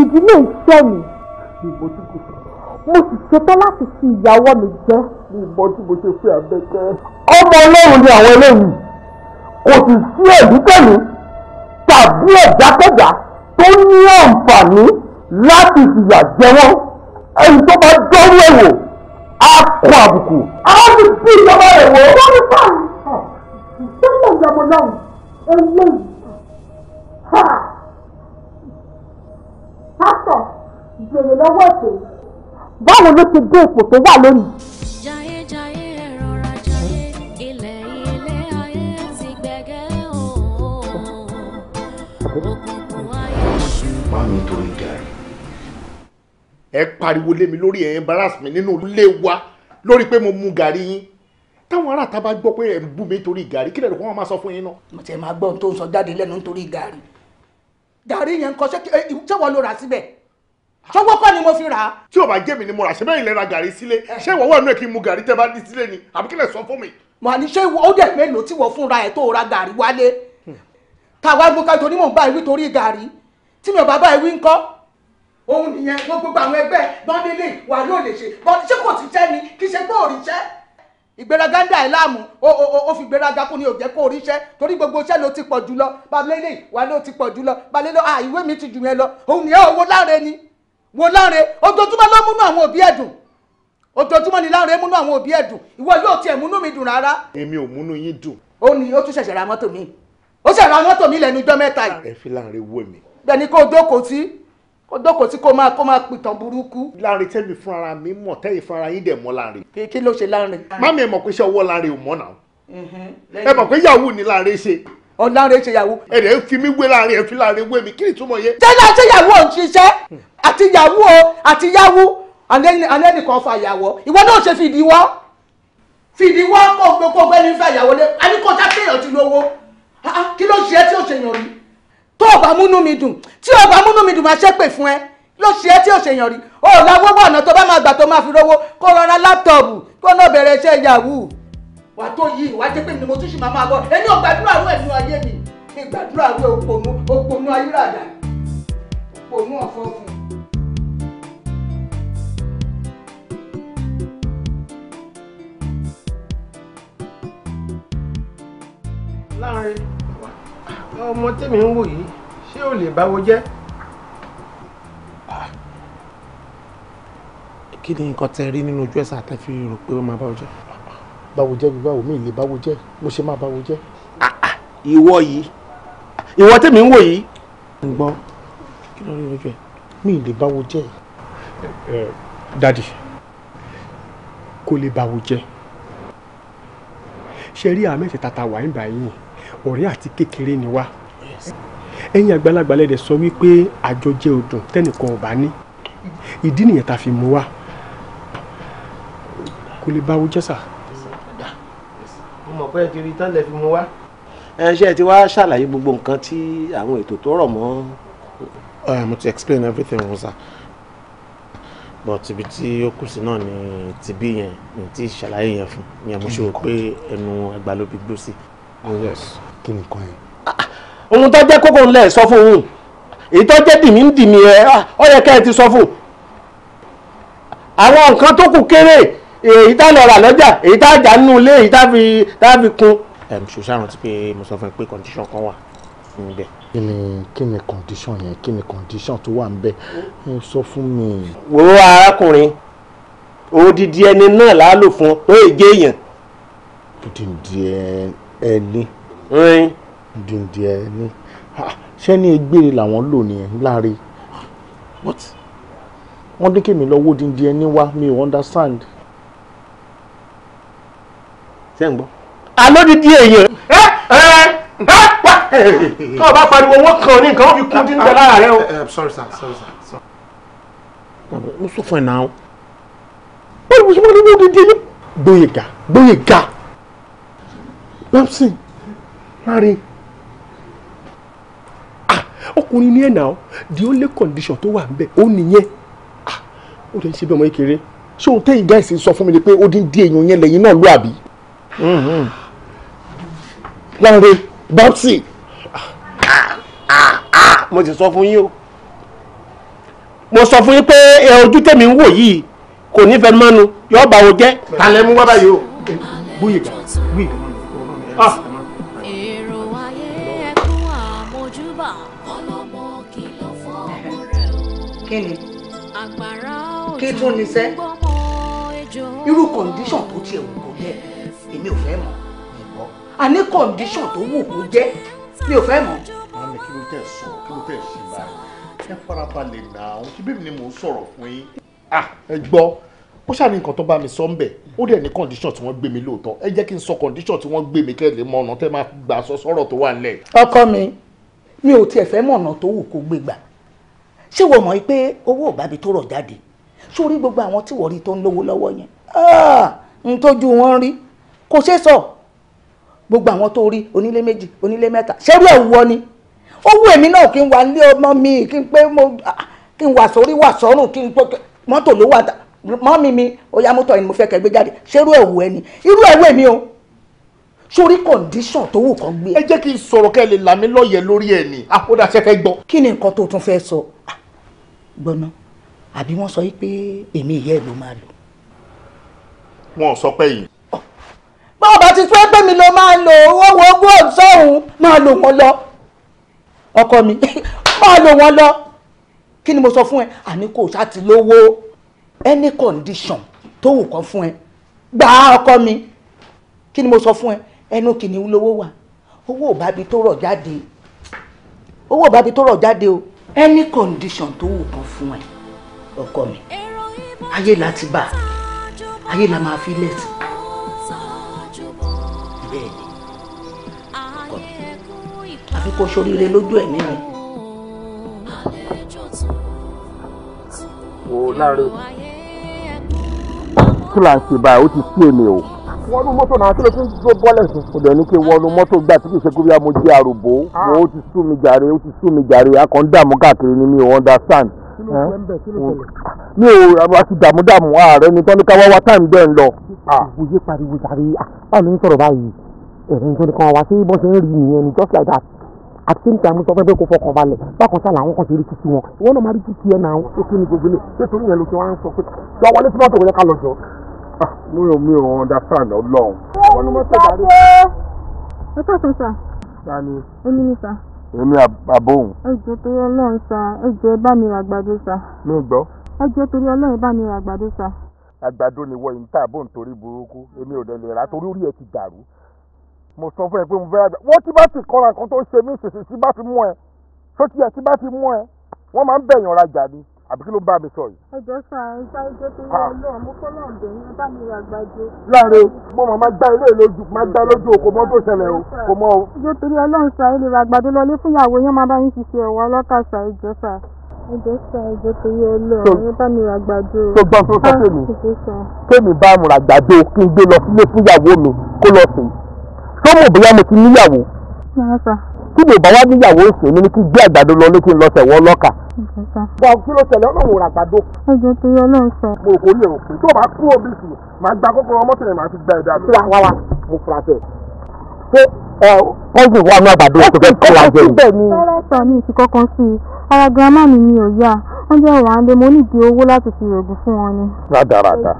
Speaker 3: ìdílé ìṣẹ́ mi ìmọ̀túkù mo sì ṣetán láti fi ìyàwó mi jẹ́. ní ìmọ̀ tí mo ṣe fẹ́ abẹ́tẹ́. ọmọ ọlọ́run ni àwọn eléyìí kò sì sí ẹ̀dúkẹ́lú tàbí ẹ̀dákẹ́dá tó ní àǹfààní láti fìyà jẹ wọ́n ẹni tó bá dọ́rú
Speaker 1: ẹ̀ wò á kọ àbùkù. àwọn ti bí ìjọba rẹ̀ wò. wọ́n ti fà á. sọ́kàn ìjàmọ̀ náà eléyìí
Speaker 3: pásítọ̀ jèrè lọ́wọ́ ètò báwo ló ti dé ipò tó wà lónìí. jayé jayé ẹ̀rọ rajayé ilẹ̀ ilé ayé ti gbẹ̀gẹ́ òun òkùnkùn ayé ṣú. má mi torí darí. ẹ pariwo lé mi lórí ẹ embarrass mi nínú ilé wa lórí pé mo mu gàrí yín táwọn aráàta bá gbọ́ pé ẹ ń bú mi torí gàrí kí lẹ́nu kó wọ́n máa sọ fún yín náà. mo ti máa gbọ́ ohun tó ń sọ jáde lẹ́nu nítorí gàrí gàrí yẹn nǹkan ṣé wọ́n ló rà síbẹ̀ ṣọwọ́ kọ́ ni mo fi rà á. tí o bá jẹ́ mi ni mo rà ṣe bẹ́ẹ̀ ilẹ̀ ra gàrí sílé eh. ṣé ìwọ wà nínú ẹ̀ kí n mu gàrí tẹ́ bá ní sílé ni àbí kílẹ̀ sọ fún mi. mo ní ṣé ó dẹ̀ mélòó tí wọ́n fúnra ẹ̀ tó ra gàrí wálé táwa gbọ́ ká torí mò ń bá ìwí torí gàrí tí mi ò bá bá ìwí ńkọ́. òun nìyẹn gbogbo àwọn ẹgbẹ́ bọ́ndínlẹ̀ wà ló lè ṣe bọ́ndínlẹ̀ kò ti tẹ́ ni kì í ṣe gbọ́ òrìṣẹ́ ìgbéraga ń dà ẹ́ láàmú ó fi ìgbéraga kún ni ò jẹ́ kó oríṣẹ́ torí gbogbo iṣẹ́ ló ti pọ̀ jù lọ balẹ̀lẹ̀ wà ló ti pọ̀ jù lọ balẹ̀lẹ̀ à ìwé mi ti jù yẹn lọ òun ni ẹ wo láre ni wo láre ojoojúmọ́ ló múnú àwọn òbí ẹ̀dùn ojoojúmọ́ ni láre múnú àwọn òbí ẹ̀dùn ìwọ yóò tiẹ̀ múnú mi dùn rárá. èmi ò múnú yín dùn. ó ní ó tún ṣẹ̀ṣẹ̀ ra mọ́tò mi ó ṣẹ̀ ra mọ́tò mi lẹ́nu ọjọ́ mẹ́ta yìí. ẹ fi láre wò mí. bẹ́ẹ̀ ni kó o dókòó sí ó dọ́kọ̀ tí kò máa kó máa pìtàn burúkú. láàrin tẹ́mi fúnra mi mọ̀ tẹ́yìn fúnra yín dẹ̀ mọ́ láàrin. kí ló ṣe láàrin. mami ẹ mọ̀ pé iṣẹ́ ọwọ́ láàrin ò mọ́ náà. ẹ mọ̀ pé yahoo ni láàrin ṣe. ọ̀làrin ṣe yahoo. ẹ dẹ̀ ń fi mí wé láàrin ẹ fi láàrin wé mi kí ni túmọ̀ yẹ. jẹ́lá ṣe yahoo ò ń ṣiṣẹ́ àti yahoo o àti yahoo anẹ́nìkan fa ìyàwó ìwọ náà ṣe fìdíwọ́ fìdíwọ́ kó gbogbo ẹni fẹ́ ìyàwó lé
Speaker 9: àníkó tá tó o bá múnú mi dùn tí o bá múnú mi dùn máa ṣépè fún ẹ ló ṣe é tí ò ṣèyàn rí o ò la gbogbo ọ̀nà tó bá máa gbà tó máa fi
Speaker 3: rówó kó rọra láptọ̀pù kó náà bẹ̀rẹ̀ iṣẹ́ yahoo. wà á tó yí ìwà jẹ́ pé mi ni mo tún ṣì máa máa bọ̀ ẹni ò gbàdúrà àwọn ẹ̀mí ayé mi ìgbàdúrà àwọn òpònú òpònú ayíràdà òpònú ọ̀fọ́fun.
Speaker 4: láàrin ọmọ tèmi ń wò yìí ṣé ò lè báwo jẹ́. Ah.
Speaker 10: kí ni nǹkan tẹ rí nínú ojú ẹ̀sà tẹ fi rò pé ó máa báwo jẹ́. báwo jẹ́ bí báwo mi lè báwo jẹ́ mo ṣe máa báwo jẹ́. Ah,
Speaker 4: ah. ìwọ yìí
Speaker 10: ìwọ tèmi ń wò yìí. ń gbọ́ kí ló rí lójú ẹ̀. mi lè báwo jẹ́. dadi
Speaker 3: kò lè báwo jẹ́ ṣe rí àmì ìfẹ́ wà ń bá yín ọ̀rẹ́ àti kékeré ni wá ẹ̀yin àgbàlagbà lẹ́dẹ̀ sọ wípé àjọjẹ ọdún tẹ́nìkan ò bá ní ìdí nìyẹn tá a fi mú wá
Speaker 10: kò lè báwo jẹ́ sà.
Speaker 4: mo mọ̀ pé kiri tán lè fi mú wá.
Speaker 10: ẹ ṣe ti wá ṣàlàyé gbogbo nǹkan tí àwọn ètò tó rọ̀ mọ́. mo ti explain everything wọn sà but ibi tí ó kù sí náà ni ti bí yẹn ní ti ṣàlàyé yẹn fún yẹn mo ṣe rò pé ẹnu àgbà gbó sí. Oh, kí ni kan yẹn. ohun tó jẹ́ kókó ńlẹ̀ sọ fún òun
Speaker 3: èyí tó jẹ́ dìmí ń dìmí ẹ ọ ah, yẹ kẹ́ ẹ ti sọ fún. àwọn nǹkan tó kù kéré èyí tá lọ rà lọ́jà èyí tá jà nínú ilé èyí tá fi tá fi kún.
Speaker 10: ẹ ṣòṣà rántí pé mo sọ fún ẹ pé condition kan wà níbẹ̀. kí ni kí ni condition yẹn kí ni condition tó wà níbẹ̀ ẹ sọ fún mi. wo arákùnrin odidi ẹni náà láà fún ó èjé èèyàn. odidi ẹni dìndì ẹ ní ṣé ní egbére làwọn lò nìyẹn láre what wọ́n dín kèmí lọ́wọ́ dìndì ẹ ní wá mi ò understand. ṣé ń gbọ́. alódìdí èèyàn. ẹ ẹ tó o bá pariwo wọn kàn ní nǹkan ó fi kún díndín lára rẹ o. Eh, eh, sorry sir sorry sir. mo sọ fún ẹ náà wọ́n
Speaker 3: ní mo sọ fún ẹ ní wọ́n dídí ẹ ní. Gbóyèga Gbóyèga Babson marry ah, ọkùnrin ní ẹ̀nà the only condition tó wà níbẹ̀ ó nìyẹn ah, ó lè ṣe bí ọmọ kékeré ṣé òun tẹ́yìn gáìsì sọ fún mi ni pé ó dín dí èèyàn yẹn lẹ́yìn náà ló àbí. Mm-hmm. láre bọ́ǹsì ah, mo ti sọ fún yín
Speaker 10: o mo sọ fún yín pé ojú tèmi ń wò yìí kò nífẹ̀ẹ́ mọ́nu yọ̀ọ́ bá wo jẹ́. ta lẹ́mú wá báyìí o.
Speaker 3: bóyè ká bóyè
Speaker 5: kí ni kí tún ní sẹ́
Speaker 7: irú kọ̀ǹdíṣàn tó tiẹ̀ wù kó jẹ́ èmi ò fẹ́ mọ̀ ìbọ́ a
Speaker 3: ní kọ̀ǹdíṣàn tó wù kó jẹ́ mi ò fẹ́ mọ̀. mami kí ló tẹ̀ sọ kí ló tẹ̀ sí báyìí ẹ farabalẹ̀ náà ohun tí bíbí ni mò ń sọ̀rọ̀ fún yín. ẹ gbọ́ ó ṣàní nǹkan tó bá mi sọ ń bẹ̀ ó dẹ̀ ní condition tí wọ́n gbé mi lóòótọ́ ẹ jẹ́ kí n sọ condition tí wọ́n gbé mi kẹ́ lè mọ ọ̀nà tẹ́ máa gbà sọ sọ́rọ̀ tó wà nílẹ̀. ọkọ mi mi ò tiẹ̀ fẹ́ mọ̀nà tó wù kó gbé ṣé wọ́n mọ̀ pé owó òbábi tó rọ̀ jáde sórí gbogbo àwọn tí wọ́n rí tó ń lówó lọ́wọ́ yẹn
Speaker 9: ah, n tójú wọn rí kò ṣeé sọ gbogbo àwọn tó rí onílé méjì onílé mẹ́ta ṣerú ẹ̀ wọ ni owó èmi náà kí n wà lé ọmọ
Speaker 3: mi kí n pé mo ah, kí n wà sórí wà sọ́rùn kí n pé mọ́tò ló wà mọ́ mi mi oya mọ́tò ni mo fẹ́ kẹ́ gbé jáde ṣerú ẹ̀ wọ ẹni irú ẹ̀ wọ èmi o sórí kọ̀ǹdíṣàn tó wù kán gbé. ẹ jẹ́ kí n sọ̀rọ̀ kẹ́ ẹ lè là mí lọ́yẹ̀ lórí ẹ̀ ni àkódà ṣẹ́fẹ́ gbọ́. kí ni nǹkan tó tún
Speaker 7: fẹ́ sọ gbọ́ná àbí wọ́n sọ pé èmi ìyá ẹ̀ ló máa lò.
Speaker 3: wọn ò sọ pé yìí. báwo bá ti tún ẹgbẹ́ mi lọ máa lo owó wo gold sọ́hún máa lò wọ́n lọ ọkọ mi máa lò wọ́n lọ kí ni mo sọ fún ẹ àní kò ṣáà ti lówó any condition tó wù kán fún ẹ gbà á ọkọ mi kí ni mo sọ fún ẹ ẹnu kìnìún lówó wà owó ò bá bi tó rọ̀ jáde owó ò bá bi tó rọ̀ jáde o
Speaker 9: any condition tó wù kan fún ẹ ọkọ mi ayé la ti bá ayé la máa fi lẹ́sìn
Speaker 11: bẹ́ẹ̀ ni ọkọ mi àfi kó ṣoríire lójú
Speaker 7: ẹ̀mí mi. wò ó láre
Speaker 3: kí là ń ó ti sí èmi o wọnú mọ́tò náà kílẹ̀ tún tó bọ́lẹ̀ sí. mo dẹ̀ ní kí wọnú mọ́tò gbà tí kì í ṣe kúbi àmọ́ jẹ́ àròbó ah. ó ti sú mi jàre ó ti sú mi jàre akàn dààmú káàkiri ni mi ò understand. mi ò àti dààmú dààmú ààrẹ ni tọ́ni ká wá wá táìmù bẹ́ẹ̀ ń lọ. Ah. òye pariwo jàre ah, báwo ni sọ̀rọ̀ báyìí ẹ̀rẹ́ ń sọ nìkan wá sí bọ́sẹ̀ ń rí nìyẹn ni just like that at the same time sọ fẹ́ pé kò fọkàn balẹ̀ bákan sá làwọn kan ṣe rí títí wọn ìwọ náà máa rí títí ẹ náà. ó kí ni gbogbo ilé ṣé torí ló ti wá ń sọ pé sọ wọlé tí mọ́tò kò yẹ ká lọ
Speaker 2: jọ Ah, mi ò mi ò understand ọlọ́run. wọ́n ní mọ́tò
Speaker 5: dárí. ẹ káàtó sà. sani. èmi ni sà.
Speaker 2: èmi àbóhùn.
Speaker 5: ẹ jẹ́ torí ọlọ́run sà ẹ jẹ́ ẹ bá mi ra àgbàdo sà. mi gbọ́. ẹ jẹ́ torí ọlọ́run bá mi ra àgbàdo sà.
Speaker 2: àgbàdo ni wọ ìta àbò nítorí burúkú èmi ò dẹ̀ rà torí orí ẹ ti dàrú. mo sọ
Speaker 3: fún ẹ pé mo fẹ́ àgbà wọ́n ti bá ti kọ́ra nǹkan tó ṣe mí ṣèṣì tí bá ti mú ẹ sókè ẹ tí bá ti mú ẹ wọ́n máa ń bẹ̀yàn rajà ni àbí kí ló ń bá mi sọ yìí.
Speaker 5: ẹjọ sọ àrùn sáré jẹ pé wọn lọ mú kó náà dé yín bá mi rà gbàjọ. láàrin
Speaker 3: mo mọ̀ máa gbá ilé lójú máa gbá lójú o kò mọ tó ṣẹlẹ̀ o kò mọ o.
Speaker 5: ìjọ torí ọlọ́run sọ ilé rà gbàdó lọlé fúnyàwó yẹn máa bá yín ṣiṣẹ́ ọ̀wọ́ ọlọ́kà sọ ẹjọ sọ ẹjọ sọ ẹjọ torí ọlọ́run yẹn bá mi rà gbàjọ. tó gbọ́ tó sọ kémi
Speaker 3: kémi bá mu rà gbàjọ kí n gbé lọ sílé fúnyàwó mi kó lọ sùn tó bóyá mo ti níyàwó tí bèbá wá níyàwó òsè mi ni kí gbé àgbàdo lọ ní kí n lọ sẹ̀wọ́ lọ́kà. bọ́ kí ló tẹ̀lé ọlọ́run rà gbàdo. ẹjẹ ti yọ náà sọ. mo kò ní èrò pé tó bá kú omi sùn máa gba kókó ọmọ tẹ̀lé máa fi gba ẹ̀dá mi. wá wá mo fura tẹ̀. ṣé
Speaker 1: ẹ pọ́ńsì wà ní àgbàdo tó fẹ́ kó wa jẹ yìí.
Speaker 5: sọ́lọ́sọ mi ti kọ́kọ́ sí i ara girama mi ni ò yá wọ́n jẹ́ wàá lé mo nídìí owó láti fi oògùn fún wọn ni.
Speaker 1: rádaràda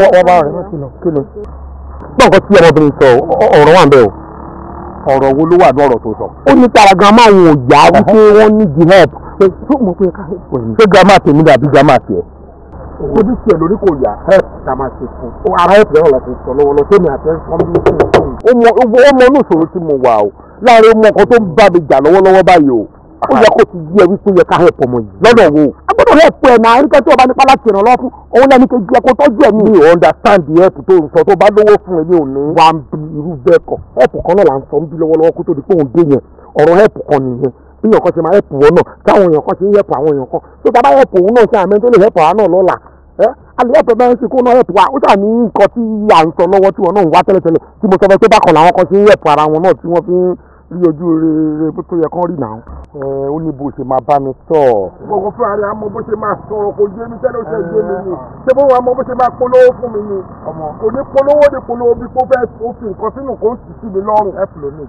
Speaker 1: wọ́n
Speaker 5: bá rẹ̀ kí ló kí ló.
Speaker 1: gbọ́n nǹkan tí ọmọbìnrin sọ ọ̀rọ̀ wà ń bẹ̀ o.
Speaker 3: ọ̀rọ̀ wo ló wà ní ọ̀rọ̀ tó sọ. ó ní tara grandma wọn ò wípé wọ́n ní di help. ṣé mo pe ká ẹ̀ ní. ṣé tèmi dàbí tiẹ̀. ojú tiẹ̀ lórí kò yá help ṣe fún ara sọ ẹ̀ fọ́n bí ó mọ inú ìṣòro ọmọ ó yẹ kó ti yí ẹ wípé yẹ ká help ọmọ yìí lọ́dọ̀ wo. a gbọ́dọ̀ help ẹ̀ náà ẹnikẹ́ tí ọba nípa láti ràn lọ́wọ́ òun lẹ́ni kejì ẹ kó tọ́jú ẹ̀ mi ò understand the help tó ń sọ fún òní. wà á bi irú bẹ́ẹ̀ help kan náà là ń sọ ń lọ́wọ́lọ́wọ́ kó tó di pé òun dé yẹn ọ̀rọ̀ help kan nìyẹn kan ṣe máa help wọn náà táwọn èèyàn ẹ alẹ́ rí ojú rere bó tó yẹ kán rí náà. ẹ ó ní bó ṣe máa bá mi sọ. gbogbo fún ààrẹ àmọ́ bó ṣe máa sọ kò yé mi tẹ́lẹ̀ ó ṣe yé mi ni ṣé bó wà mọ́ bó ṣe máa polówó fún mi ni kò ní polówó ní polówó bí kò fẹ́ òfin nǹkan sínú kò sì sí mi lọ́rùn ẹ pèlò mi.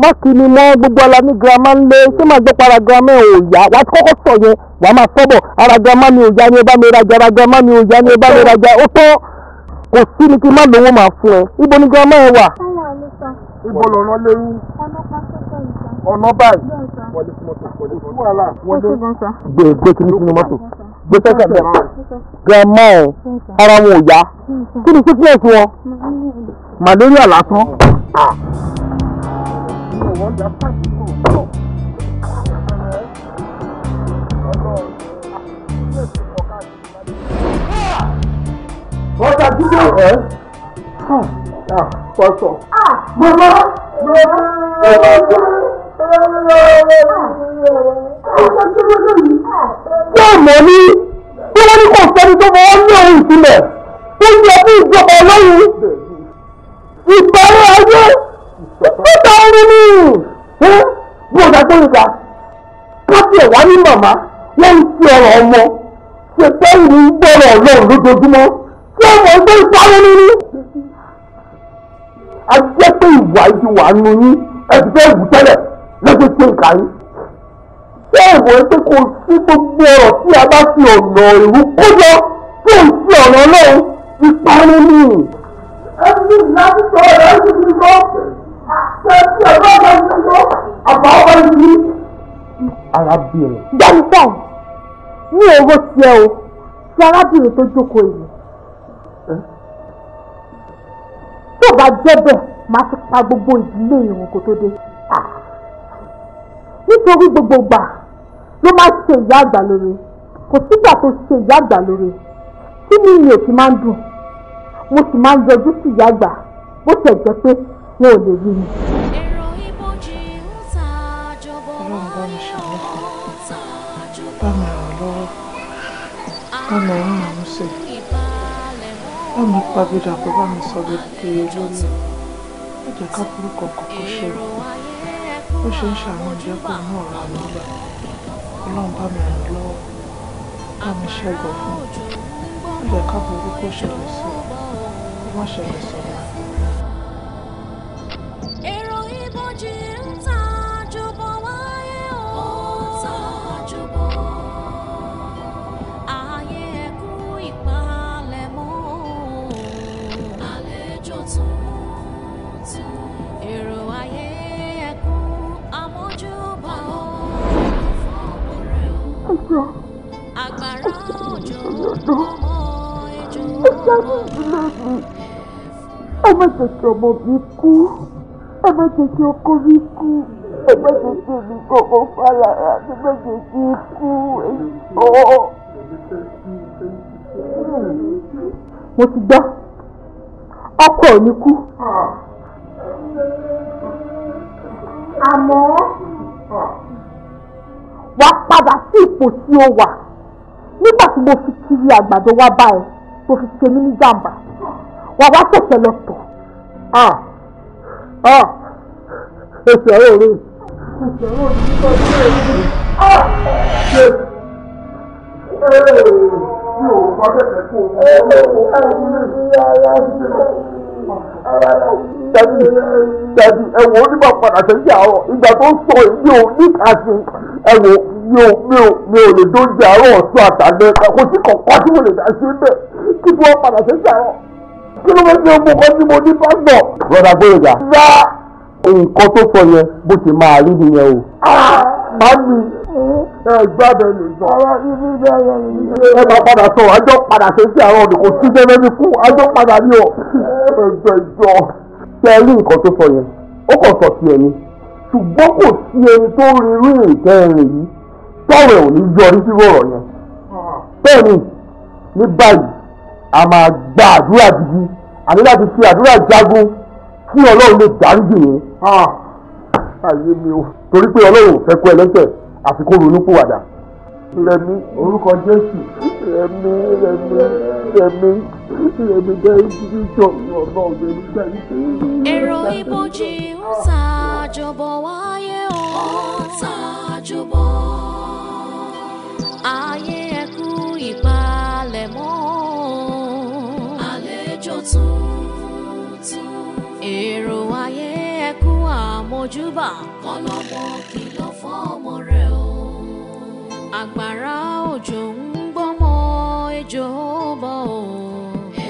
Speaker 3: má kí ni mọ gbogbo ala ní girama ń lé ṣé máa gbé para girama ò yá wàá kọ́kọ́ sọ yẹn wàá máa sọ́bọ̀ ara girama ni ò yá ni ẹ bá mi rajà ara girama ni ò yá ni ẹ bá mi rajà ó tọ́ kò sí ni kí n má lówó máa fún ẹ ibo ni girama ẹ wà ibo lọ́nà léyìn. ọ̀nà báyìí. gbé gbé kí sínú mọ́tò gbé sẹ́sẹ̀ bẹ́ẹ̀. grandma ara wọn ò yá
Speaker 1: kí ni sickness wọn.
Speaker 3: malaria lásán. Ah. Bọ́dà dúró rẹ̀ sọ̀tọ̀.
Speaker 1: mama mama mama yóò mọ̀
Speaker 3: ní bí wọ́n ní kò sẹ́ni tó fọwọ́ ní òun ìpínlẹ̀ tó yẹ fún ìjọba ọlọ́run ìbẹ̀rẹ̀ ayé níta orí ni bí ọ̀dà tó ń ga káfí ẹ̀wá ní màmá wọ́n ń fi ọ̀rọ̀ ọmọ ṣe pé ìlú gbọ́rọ̀ ọlọ́run lójoojúmọ́ tí ọmọ ẹgbẹ́ ìparí nínú a jẹ́ pé ìwà ìdí wà nù yín ẹ ti fẹ́ wù tẹ́lẹ̀ lẹ́gbẹ̀ẹ́ ṣe nǹkan yín. ṣé ìwọ pé kò sí gbogbo ọ̀rọ̀ tí a bá fi ọ̀nà ìlú kó lọ tó ń fi ọ̀nà
Speaker 1: ọlọ́run ìparun ni. ẹni láti sọ ọ̀rọ̀ ẹni tí mo ṣe ti ọ̀gá ọ̀gá ìlú lọ àbá ọ̀gá ìlú. arábìnrin.
Speaker 3: gbẹ̀ǹtàn mi ò ro tiẹ̀ o ti arábìnrin tó jókòó yìí tó bá jẹ́ bẹ́ẹ̀ máa ti pa gbogbo ìdílé ìrùn kò tó dé. nítorí gbogbo gbà ló máa ṣe ìyá àgbà lóore kò sígbà tó ṣe ìyá àgbà lóore tí mi ìyè òkè máa ń dùn mo sì máa ń yọjú sí ìyá àgbà bó tẹ̀ jẹ́ pé wọn ò lè rí
Speaker 11: mi. ọlọ́run bá mi ṣàlẹ́ fún bá mi ràn lọ́wọ́ bá mi ràn wọ́n mi pa bí dàpọ̀ bá mi sọ bí pé lórí ó jẹ́ ká
Speaker 9: burúkọ kòkó ṣe rẹ̀ ó ṣe ń ṣàwọn ìjẹ́ kó mú ọ̀rọ̀ àlọ́gbà ọlọ́run bá mi ràn lọ́wọ́ bá mi ṣẹ́gun fún ó jẹ́ ká burúkọ
Speaker 10: ṣẹlẹ̀ sí i ó má ṣẹlẹ̀ sí
Speaker 11: agbára òjò
Speaker 3: ọmọ ìjọ ọmọ ìjọ ẹ má jẹ́ kí ọmọ mi kú
Speaker 1: ẹ má jẹ́ kí ọkọ mi kú ẹ má jẹ́ kí èmi kọkọ fàlàrà ẹ má jẹ́ kí n kú ẹyọ.
Speaker 3: mo ti gbọ́ ọkọ ò ní kú. àmọ́. ipò tí ó wà nígbà tí mo fi kiri àgbàdo wá bá tó fi ṣe mí ní jàǹbá wà wá tẹ̀sẹ̀ lọ tọ̀.
Speaker 1: èsì ọ̀rọ̀ mi dadi
Speaker 3: dadi ẹ wo onímọ̀ padà sẹ́yìn àwọn ìgbà tó sọ èyí ò ní kàá ẹ wo mi ò mi ò mi ò lè dóúnjẹ àárọ̀ ọ̀tún àtàlẹ́ kò sí kọ̀ọ̀kan tí mo lè dá sí bẹ́ẹ̀ kí tí wọ́n padà sí sàárọ̀ kí ló fẹ́ ṣe mo kọ́ tí mo ní pásítọ̀. broda gbèrèga. ra nǹkan tó sọ yẹn bó ti máa rí nìyẹn o.
Speaker 1: máa ah! mi ẹgbàbẹ lè sọ. ẹ máa
Speaker 3: padà sọ àjọ padà sí sàárọ̀ ni kò sí jẹ́rẹ́ ní kú àjọ padà ní ọ. ẹgbẹ̀jọ. ṣe rí nǹkan tó sọ yẹn ó kàn sọ sí ẹni ṣùgbọ́n kò sí ẹni tó rí irú nǹkan ẹ̀rìn yìí tọ́rọ̀ ò ní yọrí sí ọ̀rọ̀ yẹn bẹ́ẹ̀ ni ní báyìí a máa gba àdúrà gidi àní láti fi àdúrà jagun kí ọlọ́run lè dáríjì yín ayé mi o torí pé ọlọ́run fẹ́ kú ẹlẹ́ṣẹ̀ àfi kó ronú pòwàdà. rẹmi orúkọ jésù rẹmi rẹmi rẹmi rẹmi bẹ́ẹ̀ ní ìjọ ọlọ́run rẹmi bẹ́ẹ̀
Speaker 11: ní. èrò ìbòjì ń ta àjọbọ̀ wáyé o ń ta àjọbọ̀ ayé ẹkú ìpalẹ̀mọ́. àlejò tuntun. o. àgbàrá òjò ń gbọ́mọ ejò bọ̀ o.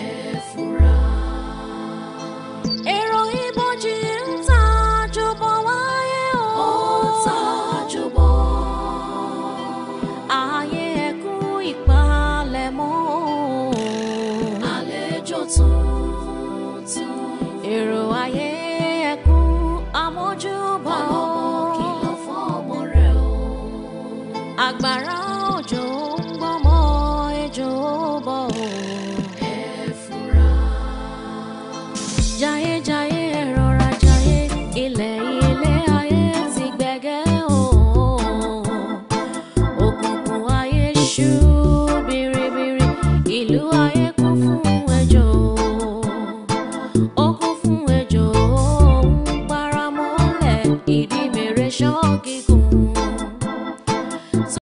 Speaker 11: ẹ fura. èrò ìbòjì ń agbára